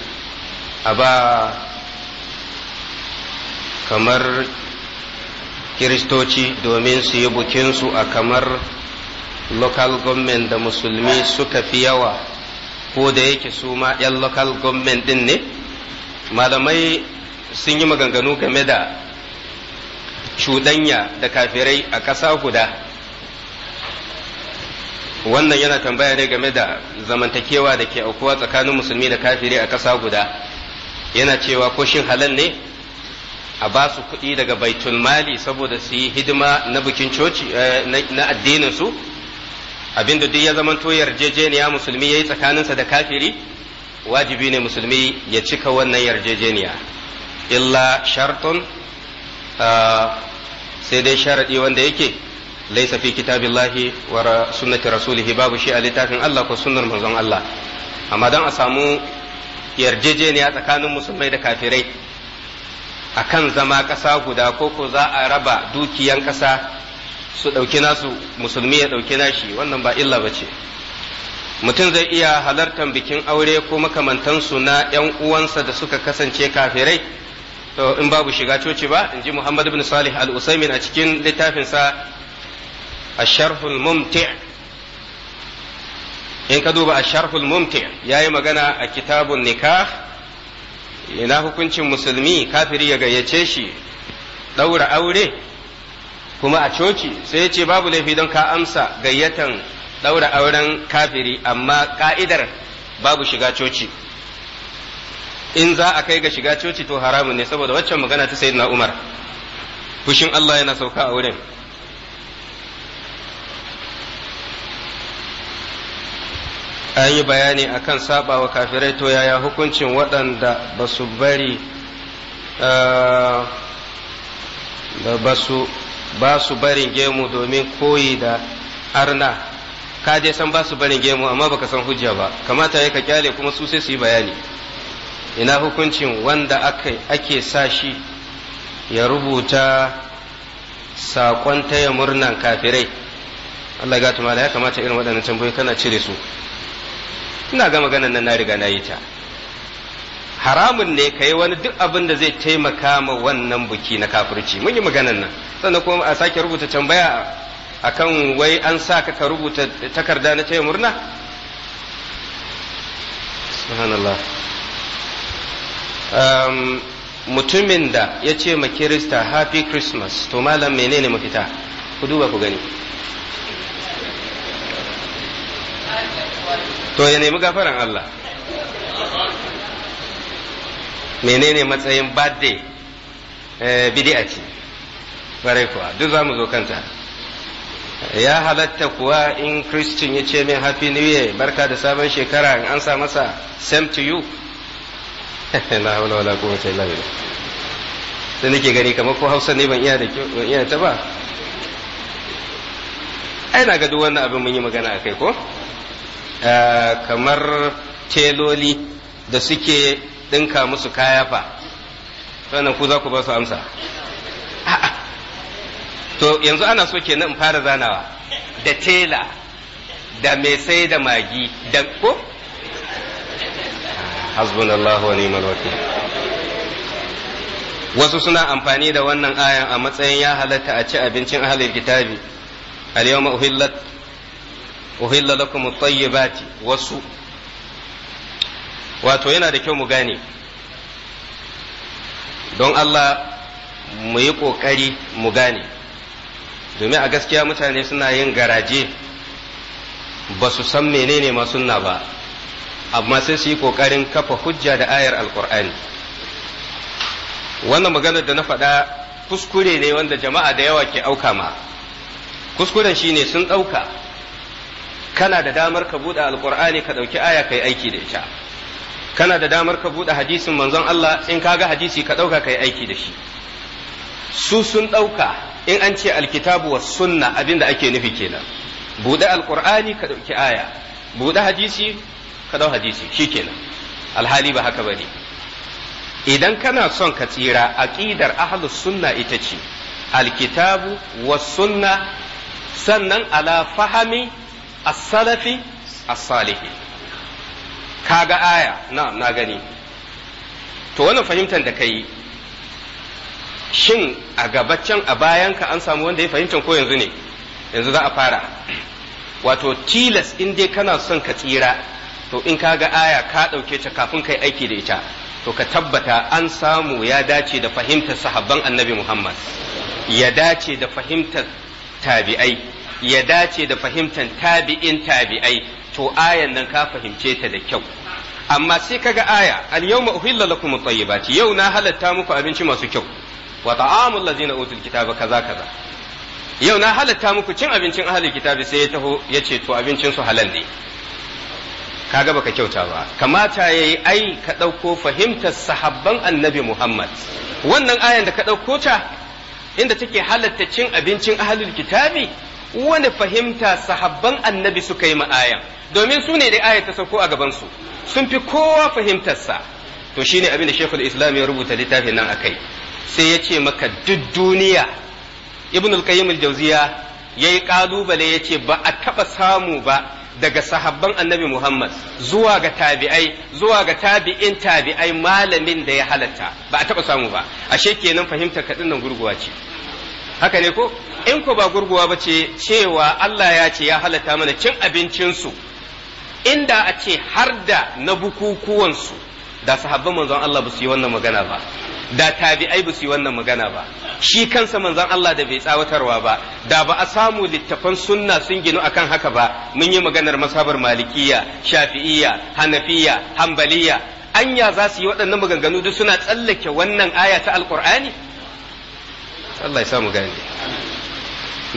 a ba kamar kiristoci domin su yi bukinsu a kamar local government da musulmi suka fi yawa ko da yake su ma 'yan local government din ne malamai sun yi maganganu game da cuɗanya da kafirai a ƙasa guda wannan yana tambaya ne game da zamantakewa da ke aukuwa tsakanin musulmi da kafirai a ƙasa guda yana cewa ko shin halal ne a ba su kuɗi daga baitul mali saboda su yi hidima na bikin coci eh, na addinin su da duk ya zamanto yarjejeniya musulmi ya yi tsakaninsa da kafiri wajibi ne musulmi ya cika wannan yarjejeniya illa shartun ah, sai dai sharaɗi wanda yake laisa fi kitabillahi wa sunnati rasulih babu shi a littafin Allah ko sunnar manzon Allah amma don a samu yarjejeniya tsakanin musulmai da kafirai akan zama ƙasa guda ko ko za a raba dukiyan ƙasa su ɗauki nasu musulmi ya ɗauki nashi wannan ba illa ba ce mutum zai iya halartar bikin aure ko makamantansu na 'yan uwansa da suka kasance kafirai to in babu shiga coci ba in ji muhammad bin salih al-usaimin a cikin littafinsa a sharhul mumti' in ka duba a sharhul mumti ya yi magana a kitabun nikah ina hukuncin musulmi kafiri ya gayyace shi ɗaura aure kuma a coci sai ya ce babu laifi don ka amsa gayyatan ɗaura auren kafiri amma ka'idar babu shiga coci in za a kai ga shiga coci to haramun ne saboda waccan magana ta sayyidina umar fushin Allah yana sauka a wurin an yi bayani akan wa kafirai to yaya hukuncin waɗanda ba su bari ah, ba su barin gemu domin koyi da arna ka je san ba su barin gemu amma baka san hujja ba kamata ya ka kyale kuma su sai su yi bayani ina hukuncin wanda ake, ake sa shi ya rubuta saƙon taya murnan kafirai Allah ya gata ya kamata irin waɗannan tambayoyi kana cire su ina ga maganan nan na riga na yi ta haramun ne ka yi wani duk abin da zai taimaka ma wannan buki na kafirci mun yi maganan nan sannan kuma a sake rubuta tambaya akan wai an sa ka ka rubuta takarda na taya murna um, mutumin da ya ce ma kirista happy christmas to malam menene mafita ku duba ku gani to ya nemi gafaran Allah menene matsayin birthday eh, bid'a ce bare kuwa duk za mu zo kanta ya halatta kuwa in christian ya ce min happy new year barka da sabon shekara in an sa masa same to you Na *laughs* hawla wala quwwata illa billah sai nake gani kamar ko hausa ne ban iya da ban iya ta ba ai na ga duk wannan abin mun yi magana akai ko kamar teloli da suke ɗinka musu kaya fa sannan ku za ku ba su amsa to yanzu ana so kenan in fara zanawa da tela da mai sai da magi da ko hasbunallahu wa ni'mal wakil wasu suna amfani da wannan ayan a matsayin ya halatta a ci abincin ahlul kitabi al yawma uhillat uhilla lakum at-tayyibati wasu wato yana da kyau mu gane don Allah mu yi ƙoƙari mu gane domin a gaskiya mutane suna yin garaje ba su san menene ma sunna ba amma sai su yi ƙoƙarin kafa hujja da ayar alƙur'ani wannan maganar da na faɗa kuskure ne wanda jama'a da yawa ke auka ma kuskuren shine sun ɗauka kana da damar ka buɗe alƙur'ani ka ɗauki aya kai aiki da ita kana da damar ka buɗe hadisin manzon Allah in ka ga hadisi ka ɗauka kai aiki da shi su sun ɗauka in an ce alkitabu wa sunna abin da ake nufi kenan buɗe alƙur'ani ka ɗauki aya buɗe hadisi ka ɗau hadisi shi kenan alhali ba haka ba ne idan kana son ka tsira aƙidar ahlus sunna ita ce alkitabu wa sunna sannan ala fahami as-salafi as-salihi kaga aya na na gani to wannan fahimtar da kai shin a gabaccen a bayanka an samu wanda ya fahimtar ko yanzu ne yanzu za a fara wato tilas in dai kana son ka tsira to in ka ga aya ka ɗauke ta kafin kai aiki da ita to ka tabbata an samu ya dace da fahimtar sahabban annabi muhammad ya dace da fahimtar tabi'ai ya dace da fahimtar tabi'in tabi'ai to ayan nan ka fahimce ta da kyau amma sai kaga aya al yawma uhilla lakum at-tayyibati yau na halatta muku abinci masu kyau wa ta'amul ladzina utul kitaba kaza kaza yau na halatta muku cin abincin ahli kitabi sai ya taho ya ce to abincin su halal ne kaga baka kyauta ba kamata yayi ai ka ɗauko fahimtar sahabban annabi Muhammad wannan ayan da ka dauko ta inda take halatta cin abincin ahli kitabi wani fahimta sahabban annabi suka yi ma'ayan domin su ne da ayat ta sauko a gabansu sun fi kowa fahimtarsa to shine abin da shekul islam ya rubuta littafin nan akai sai ya ce maka duk duniya ibn al-qayyim al-jawziya yayi kalubale ce ba a taba samu ba daga sahabban annabi Muhammad zuwa ga tabi'ai zuwa ga tabi'in tabi'ai malamin da ya halatta ba a taba samu ba ashe kenan fahimtar kadin nan gurguwa ce haka ne ko in ko ba gurguwa ba ce cewa Allah ya ce ya halatta mana cin abincinsu inda a ce har da na bukukuwansu da sahabban manzon Allah ba su yi wannan magana ba da tabi'ai ba su yi wannan magana ba shi kansa manzon Allah da bai tsawatarwa ba da ba a samu littafan sunna sun ginu akan haka ba mun yi maganar masabar malikiya shafi'iyya hanafiya hambaliya, anya za su yi waɗannan maganganu duk suna tsallake wannan aya ta alqur'ani Allah ya samu gane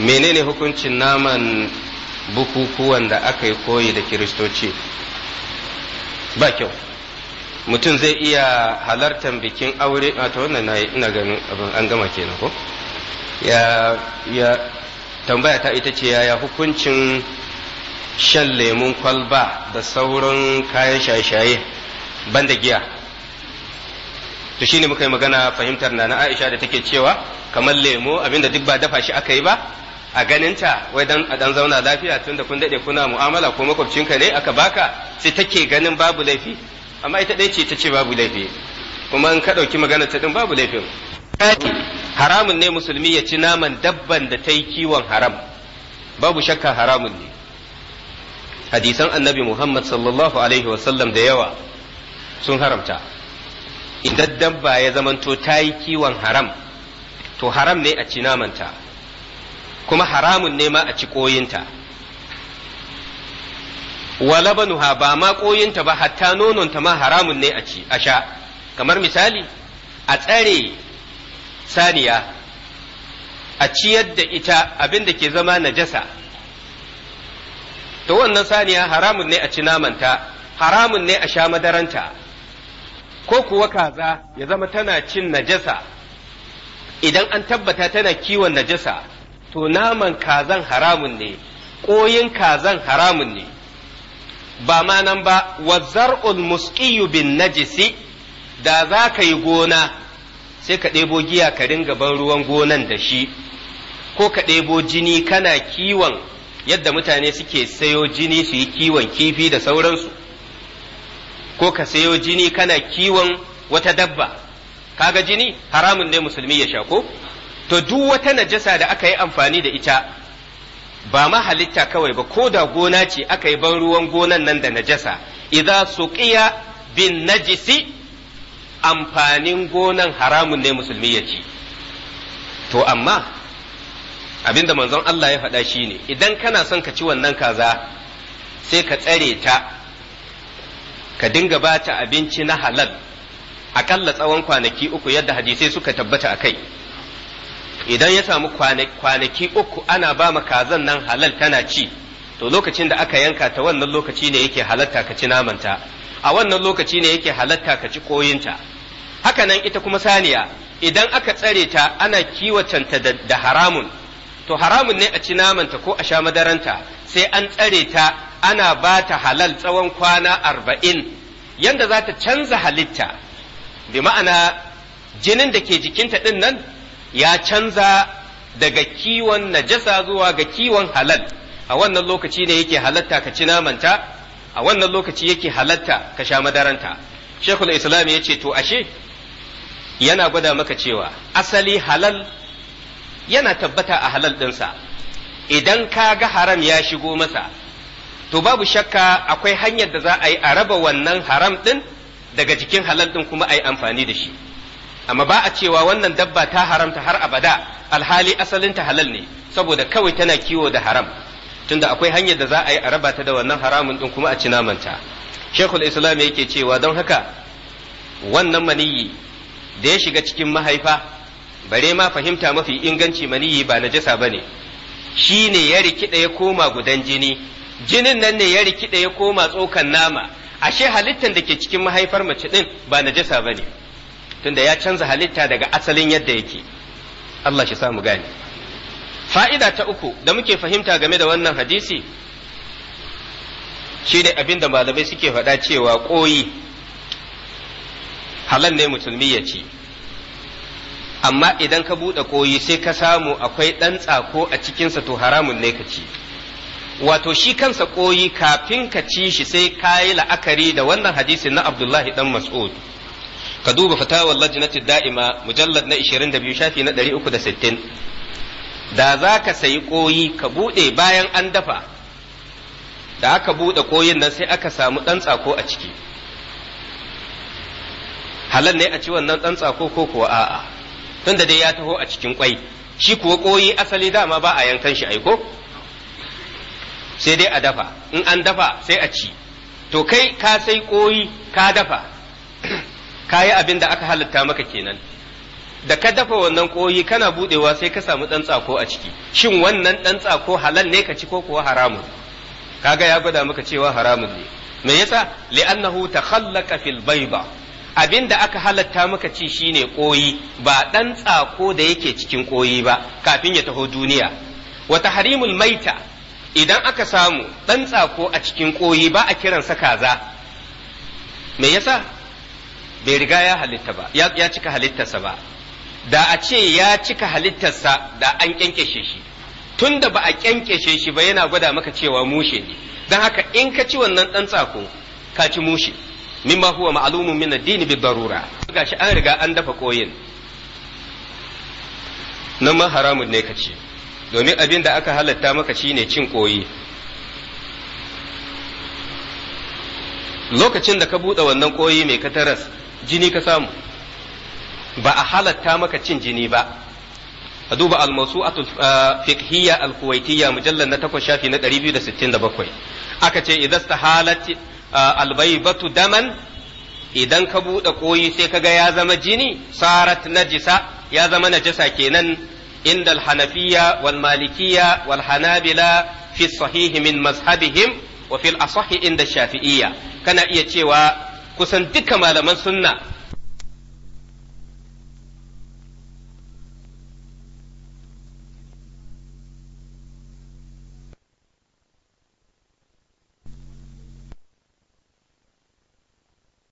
menene hukuncin naman bukukuwan da aka yi koyi da kiristoci ba kyau mutum zai iya halartar bikin aure a ta wannan na ina ganin abin an gama kenan ko ya tambaya ta ita ce yaya hukuncin shan lemun kwalba da sauran kayan shaye-shaye banda giya to shine muka yi magana fahimtar na na Aisha da take cewa kamar lemo abinda duk ba dafa shi aka yi ba a ganinta wai dan a dan zauna lafiya tunda kun daɗe kuna mu'amala ko makwabcinka ne aka baka sai take ganin babu laifi amma ita dai ce ta ce babu laifi kuma in ka dauki magana ta din babu laifin haramun ne musulmi ya ci naman dabban da ta yi kiwon haram babu shakka haramun ne hadisan annabi muhammad sallallahu alaihi wasallam da yawa sun haramta idan dabba ya zamanto ta yi kiwon haram to haram ne a ci namanta kuma haramun ne ma a ci koyinta wa labanuha ba ma koyinta ba hatta nonon ta ma haramun ne a ci a sha kamar misali a tsare saniya a ciyar da ita abin da ke zama najasa to wannan saniya haramun ne a ci namanta haramun ne a sha madaranta ko kuwa kaza ya zama tana cin najasa idan an tabbata tana kiwon najasa to naman kazan haramun ne ƙoyin kazan haramun ne ba ma nan ba wa zar'ul musqiyu bin najisi da za ka yi gona sai ka ɗebo giya ka ringa ban ruwan gonan da shi ko ka ɗebo jini kana kiwon yadda mutane suke sayo jini su yi kiwon kifi da sauransu ko ka sayo jini kana kiwon wata dabba kaga jini haramun ne musulmi ya sha ko to duk wata najasa da aka yi amfani da ita ba ma halitta kawai ba ko da gona ce aka yi ban ruwan gonan nan da najasa idza suqiya bin najisi amfanin gonan haramun ne musulmi ya ci to amma abinda manzon Allah ya faɗa shine idan kana son ka ci wannan kaza sai ka tsare ta ka dinga bata abinci na halal akalla tsawon kwanaki uku yadda hadisai suka tabbata a kai idan ya samu kwanaki uku ana ba ma kazan nan halal tana ci to lokacin da aka yanka ta wannan lokaci ne yake halatta ka ci namanta a wannan lokaci ne yake halatta ka ci koyinta hakanan ita kuma saniya idan aka tsare ta ana kiwatanta da haramun to haramun ne a ci namanta ko a sha madaranta sai an tsare ta ana ba ta halal tsawon kwana arba'in yanda za ta canza halitta bi ma'ana jinin da ke jikinta ɗin nan ya canza daga kiwon najasa zuwa ga kiwon halal a wannan lokaci ne yake halatta ka ci namanta a wannan lokaci yake halatta ka sha madaranta shekul islam ya ce to ashe yana gwada maka cewa asali halal yana tabbata a halal ɗinsa idan ka ga haram ya shigo masa to babu shakka akwai hanyar da za a yi a raba wannan haram ɗin daga jikin halal ɗin kuma a yi amfani da shi amma ba a cewa wannan dabba ta haramta har abada alhali asalinta halal ne saboda kawai tana kiwo da haram tunda akwai hanyar da za a yi a rabata da wannan haramun ɗin kuma a ci namanta shekul islam yake cewa don haka wannan maniyi da ya shiga cikin mahaifa bare ma fahimta mafi inganci maniyi ba na jasa ba ne shi ne ya rikida ya koma gudan jini jinin nan ne ya rikida ya koma tsokan nama ashe halittan da ke cikin mahaifar mace ɗin ba najasa ba ne tunda ya canza halitta daga asalin yadda yake Allah shi samu gane fa'ida ta uku da muke fahimta game da wannan hadisi shi ne abin da malamai suke faɗa cewa ƙoyi halal ne musulmi ya ci amma idan ka buɗe ƙoyi sai ka samu akwai ɗan tsako a cikinsa to haramun ne ka ci. wato shi kansa koyi kafin ka ci shi sai ka yi la'akari da wannan hadisin na abdullahi dan mas'ud ka duba fatawar lajnati da'ima mujallad na 22 shafi na 360 da za ka sayi koyi ka buɗe bayan an dafa da aka buɗe koyin nan sai aka samu ɗan tsako a ciki halal ne a ci wannan dan tsako ko kuwa a'a tunda dai ya taho a cikin kwai shi kuwa koyi asali dama ba a yankan shi aiko sai dai a dafa in an dafa sai a ci to kai ka sai koyi ka dafa *clears throat* ka yi abin da aka halitta maka kenan da ka dafa wannan koyi kana budewa sai ka samu dan tsako a ciki shin wannan dan tsako halal ne ka ci ko kuwa haramun kaga ya gwada maka cewa haramun ne me yasa li'annahu takhallaqa fil bayda abin da aka halatta maka ci shine koyi ba dan tsako da yake cikin koyi ba kafin ya taho duniya wa tahrimul maita idan aka samu ɗan tsako a cikin ƙoyi ba a kiransa kaza me yasa bai riga ya halitta ba ya cika halittarsa ba da a ce ya cika halittarsa da an kyankyashe shi tun da ba a kyankyashe shi ba yana gwada maka cewa mushe ne don haka in ka ci wannan ɗan tsako ka ci mushe ma huwa ma'lumun min addini bi darura gashi an riga an dafa koyin nan ma haramun ne ka ci domin abin da aka halatta maka shine cin koyi lokacin da ka buɗe wannan koyi mai kataras jini ka samu ba a halatta maka cin jini ba a duba almasu a ah, fiqhiyya alkuwaitiyya mujallar na takwas shafi na 267 aka ce idan stahalat ah, albaybatu daman idan ka buɗe koyi sai ka ga ya zama jini sarat najisa ya zama najasa kenan عند الحنفية والمالكية والحنابلة في الصحيح من مذهبهم وفي الأصح عند الشافعية كان يتشوى كسن دك مالما سنة